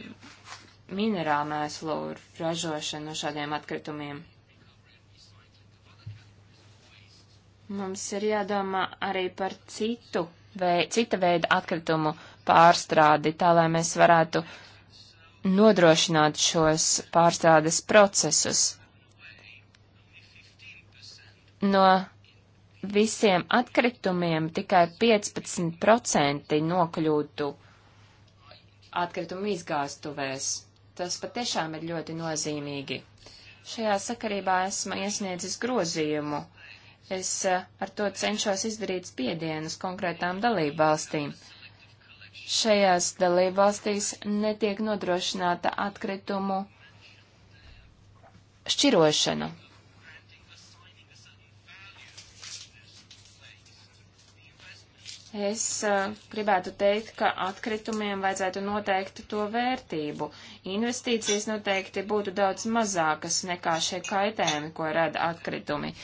minerālu mēslu ražošanu no šādiem atkritumiem. Mums ir jādomā arī par citu, vei, cita veida atkritumu pārstrādi, tā lai mēs varētu nodrošināt šos pārstrādes procesus. No visiem atkritumiem tikai 15% nokļūtu atkritumu izgāstuvēs. Tas patiešām ir ļoti nozīmīgi. Šajā sakarībā esmu iesniedzis grozījumu. Es eh, ar to cenšos izdarīt spiedienus konkrētām dalību valstīm. Šajās dalību valstīs netiek nodrošināta atkritumu šķirošana, Es uh, gribētu teikt, ka atkritumiem vajadzētu noteikt to vērtību. Investīcijas noteikti būtu daudz mazākas nekā šie kaitējumi, ko rada atkritumi.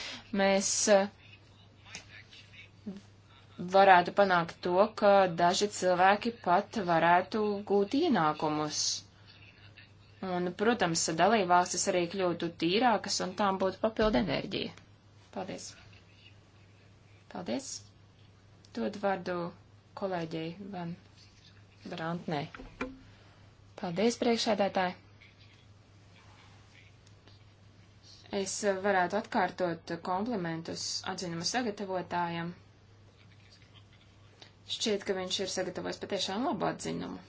Mēs uh, varētu panākt to, ka daži cilvēki pat varētu gūt ienākumus. Un, protams, dalībvalstis arī kļūtu tīrākas un tām būtu papildu enerģija. Paldies! Paldies! Dod vārdu kolēģei Van Brantnē. Paldies, priekšēdētāji! Es varētu atkārtot komplimentus atzinuma sagatavotājam. Šķiet, ka viņš ir sagatavojis patiešām labu atzinumu.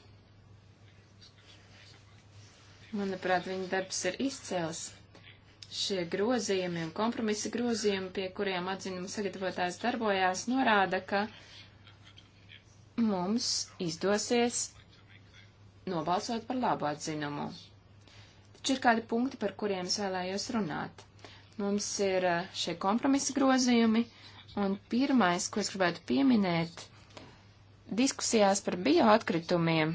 Manuprāt, viņa darbs ir izcēls. Šie grozījumi un kompromisa grozījumi, pie kuriem atzinuma sagatavotājs darbojās, norāda, ka mums izdosies nobalsot par labu atzinumu. Taču ir kādi punkti, par kuriem es vēlējos runāt. Mums ir eh, šie kompromisa grozījumi, un pirmais, ko es gribētu pieminēt, diskusijās par bioatkritumiem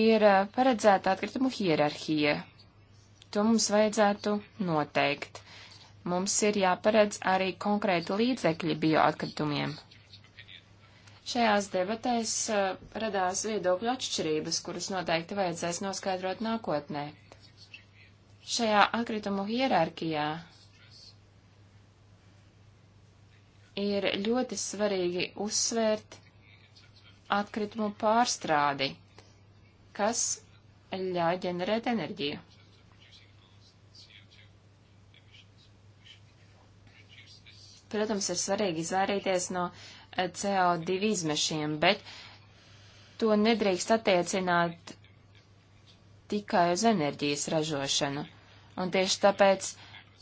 ir eh, paredzēta atkritumu hierarhija to mums vajadzētu noteikt. Mums ir jāparedz arī konkrēti līdzekļi bioatkritumiem. Šajās debatēs uh, radās viedokļu atšķirības, kuras noteikti vajadzēs noskaidrot nākotnē. Šajā atkritumu hierarkijā ir ļoti svarīgi uzsvērt atkritumu pārstrādi, kas ļauj ģenerēt enerģiju. Protams, ir svarīgi izvairīties no eh, CO2 izmešiem, bet to nedrīkst attiecināt tikai uz enerģijas ražošanu. Un tieši tāpēc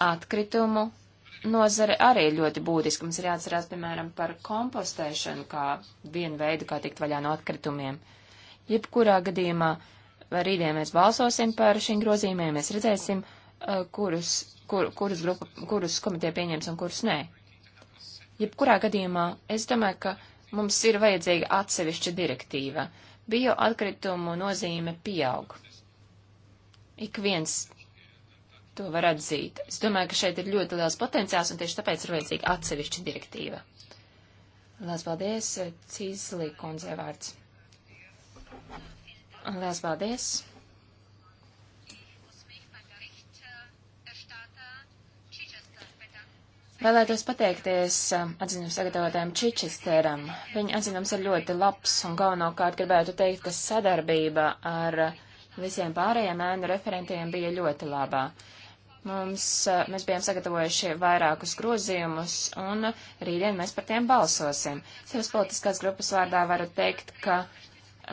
atkritumu nozare arī ir ļoti būtiska. Mums ir jāatcerās, piemēram, par kompostēšanu kā vienu veidu, kā tikt vaļā no atkritumiem. Jebkurā gadījumā, vai rītdien mēs balsosim par šīm grozījumiem, mēs redzēsim, eh, kurus, kur, kurus, grupa, kurus komiteja pieņems un kurus nē. Jebkurā gadījumā es domāju, ka mums ir vajadzīga atsevišķa direktīva. Bioatkritumu nozīme pieaug. Ik viens to var atzīt. Es domāju, ka šeit ir ļoti liels potenciāls, un tieši tāpēc ir vajadzīga atsevišķa direktīva. Lielas paldies, Cīzlī kundzei vārds. Lielas paldies. Vēlētos pateikties um, atzinums sagatavotājiem Čičesteram. Viņa atzinums ir ļoti labs un galvenokārt gribētu teikt, ka sadarbība ar uh, visiem pārējiem ēnu referentiem bija ļoti labā. Mums, uh, mēs bijām sagatavojuši vairākus grozījumus un uh, rītdien mēs par tiem balsosim. Savas politiskās grupas vārdā varu teikt, ka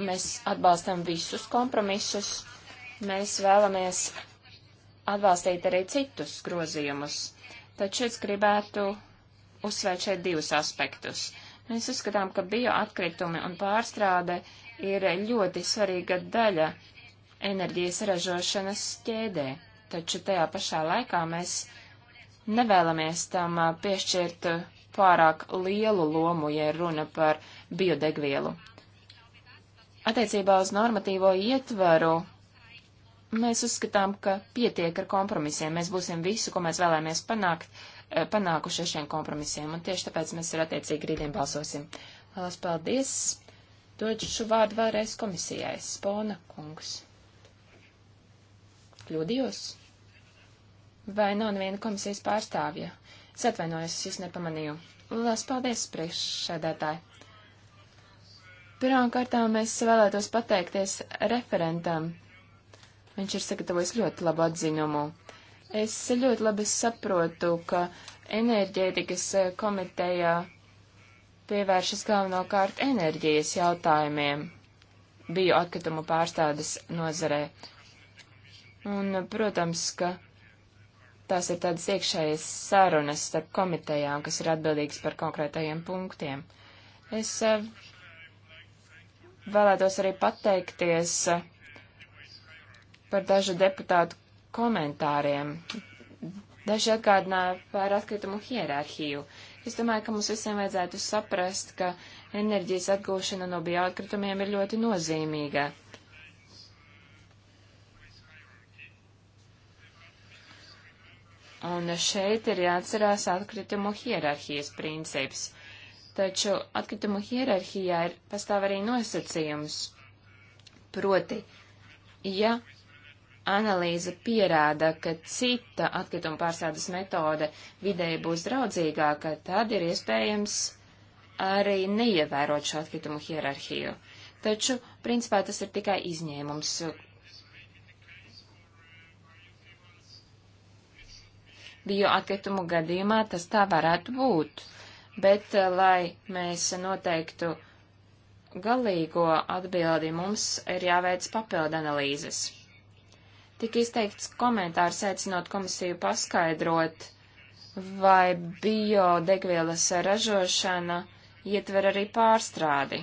mēs atbalstam visus kompromisus. Mēs vēlamies atbalstīt arī citus grozījumus. Taču es gribētu uzsvērt šeit divus aspektus. Mēs uzskatām, ka bioatkritumi un pārstrāde ir ļoti svarīga daļa enerģijas ražošanas ķēdē, taču tajā pašā laikā mēs nevēlamies tam piešķirt pārāk lielu lomu, ja runa par biodegvielu. Attiecībā uz normatīvo ietvaru Mēs uzskatām, ka pietiek ar kompromisiem. Mēs būsim visu, ko mēs vēlamies panākt, eh, panākuši ar šiem kompromisiem. Un tieši tāpēc mēs ar attiecīgi rītdien balsosim. Lielas paldies! Došu šo vārdu vēlreiz komisijai. Spona kungs. Kļūdījos? Vai nav neviena komisijas pārstāvja? Es atvainojos, es jūs nepamanīju. Lielas paldies, priekšsēdētāji! Pirmkārtām es vēlētos pateikties referentam Viņš ir sagatavojis ļoti labu atzinumu. Es ļoti labi saprotu, ka enerģētikas eh, komiteja pievēršas galvenokārt enerģijas jautājumiem biju atkritumu pārstādes nozarē. Un, protams, ka tās ir tādas iekšējas sarunas starp komitejām, kas ir atbildīgas par konkrētajiem punktiem. Es eh, vēlētos arī pateikties eh, par dažu deputātu komentāriem. Daži atgādināja par atkritumu hierarhiju. Es domāju, ka mums visiem vajadzētu saprast, ka enerģijas atgūšana no bioatkritumiem ir ļoti nozīmīga. Un šeit ir jāatcerās atkritumu hierarhijas princips. Taču atkritumu hierarhijā ir pastāv arī nosacījums. Proti, ja analīze pierāda, ka cita atkrituma pārstādes metode vidēji būs draudzīgāka, tad ir iespējams arī neievērot šo atkritumu hierarhiju. Taču, principā, tas ir tikai izņēmums. Bio atkritumu gadījumā tas tā varētu būt, bet, eh, lai mēs noteiktu galīgo atbildi, mums ir jāveic papildu analīzes tika izteikts komentārs aicinot komisiju paskaidrot, vai biodegvielas ražošana ietver arī pārstrādi.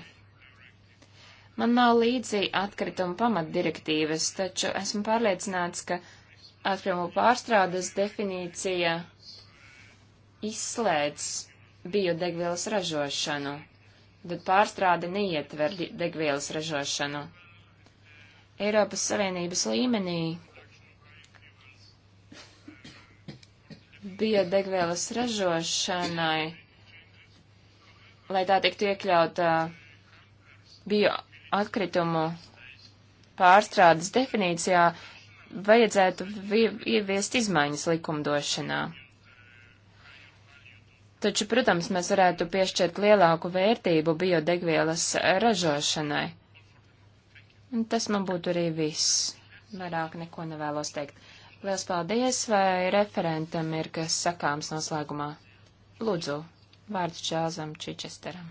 Man nav līdzi atkrituma pamatdirektīvas, taču esmu pārliecināts, ka atkritumu pārstrādes definīcija izslēdz biodegvielas ražošanu, tad pārstrāde neietver degvielas ražošanu. Eiropas Savienības līmenī biodegvielas ražošanai, lai tā tiktu iekļauta bioatkritumu pārstrādes definīcijā, vajadzētu ieviest izmaiņas likumdošanā. Taču, protams, mēs varētu piešķirt lielāku vērtību biodegvielas ražošanai. Un tas man būtu arī viss. Vairāk neko nevēlos teikt. Liels paldies, vai referentam ir kas sakāms noslēgumā? Lūdzu, vārds Čāzam Čičesteram.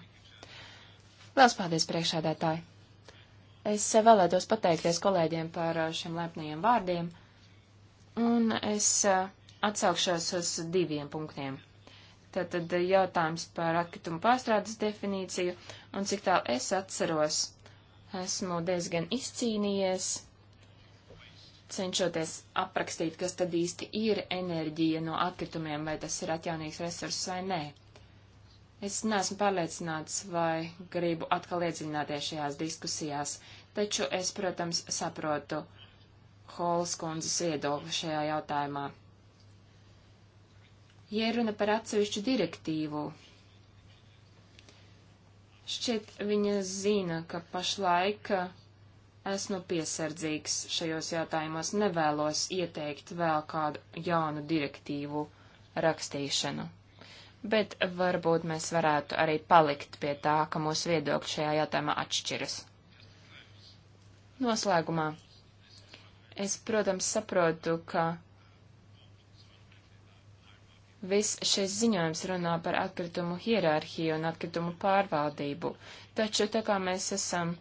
Liels paldies, priekšādētāji! Es vēlētos pateikties kolēģiem par šiem lepniem vārdiem, un es atsaukšos uz diviem punktiem. Tātad jautājums par atkritumu pārstrādes definīciju, un cik tālu es atceros, esmu diezgan izcīnījies, cenšoties aprakstīt, kas tad īsti ir enerģija no atkritumiem, vai tas ir atjaunīgs resurss vai nē. Es neesmu pārliecināts, vai gribu atkal iedziļināties šajās diskusijās, taču es, protams, saprotu Holas kundzes viedokli šajā jautājumā. Ja runa par atsevišķu direktīvu, Šķiet, viņa zina, ka pašlaik eh, esmu piesardzīgs šajos jautājumos, nevēlos ieteikt vēl kādu jaunu direktīvu rakstīšanu. Bet varbūt mēs varētu arī palikt pie tā, ka mūsu viedokļi šajā jautājumā atšķiras. Noslēgumā. Es, protams, saprotu, ka Viss šis ziņojums runā par atkritumu hierarhiju un atkritumu pārvaldību, taču tā kā mēs esam,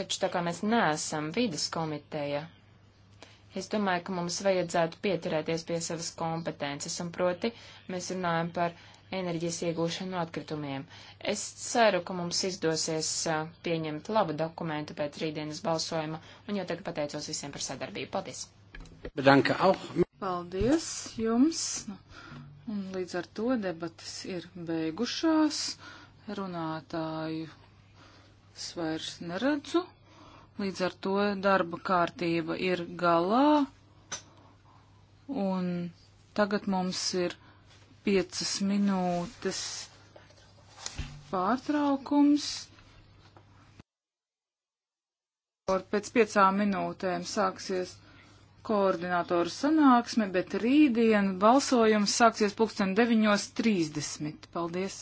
taču tā kā mēs neesam vidas komiteja, es domāju, ka mums vajadzētu pieturēties pie savas kompetences, un proti mēs runājam par enerģijas iegūšanu no atkritumiem. Es ceru, ka mums izdosies pieņemt labu dokumentu pēc rītdienas balsojuma, un jau tagad pateicos visiem par sadarbību. Paldies! Bedanke auch. Paldies jums! Un līdz ar to debatas ir beigušās. Runātāju es vairs neredzu. Līdz ar to darba kārtība ir galā. Un tagad mums ir piecas minūtes pārtraukums. Pēc piecām minūtēm sāksies koordinātoru sanāksme, bet rītdien balsojums sāksies pulksten 9.30. Paldies!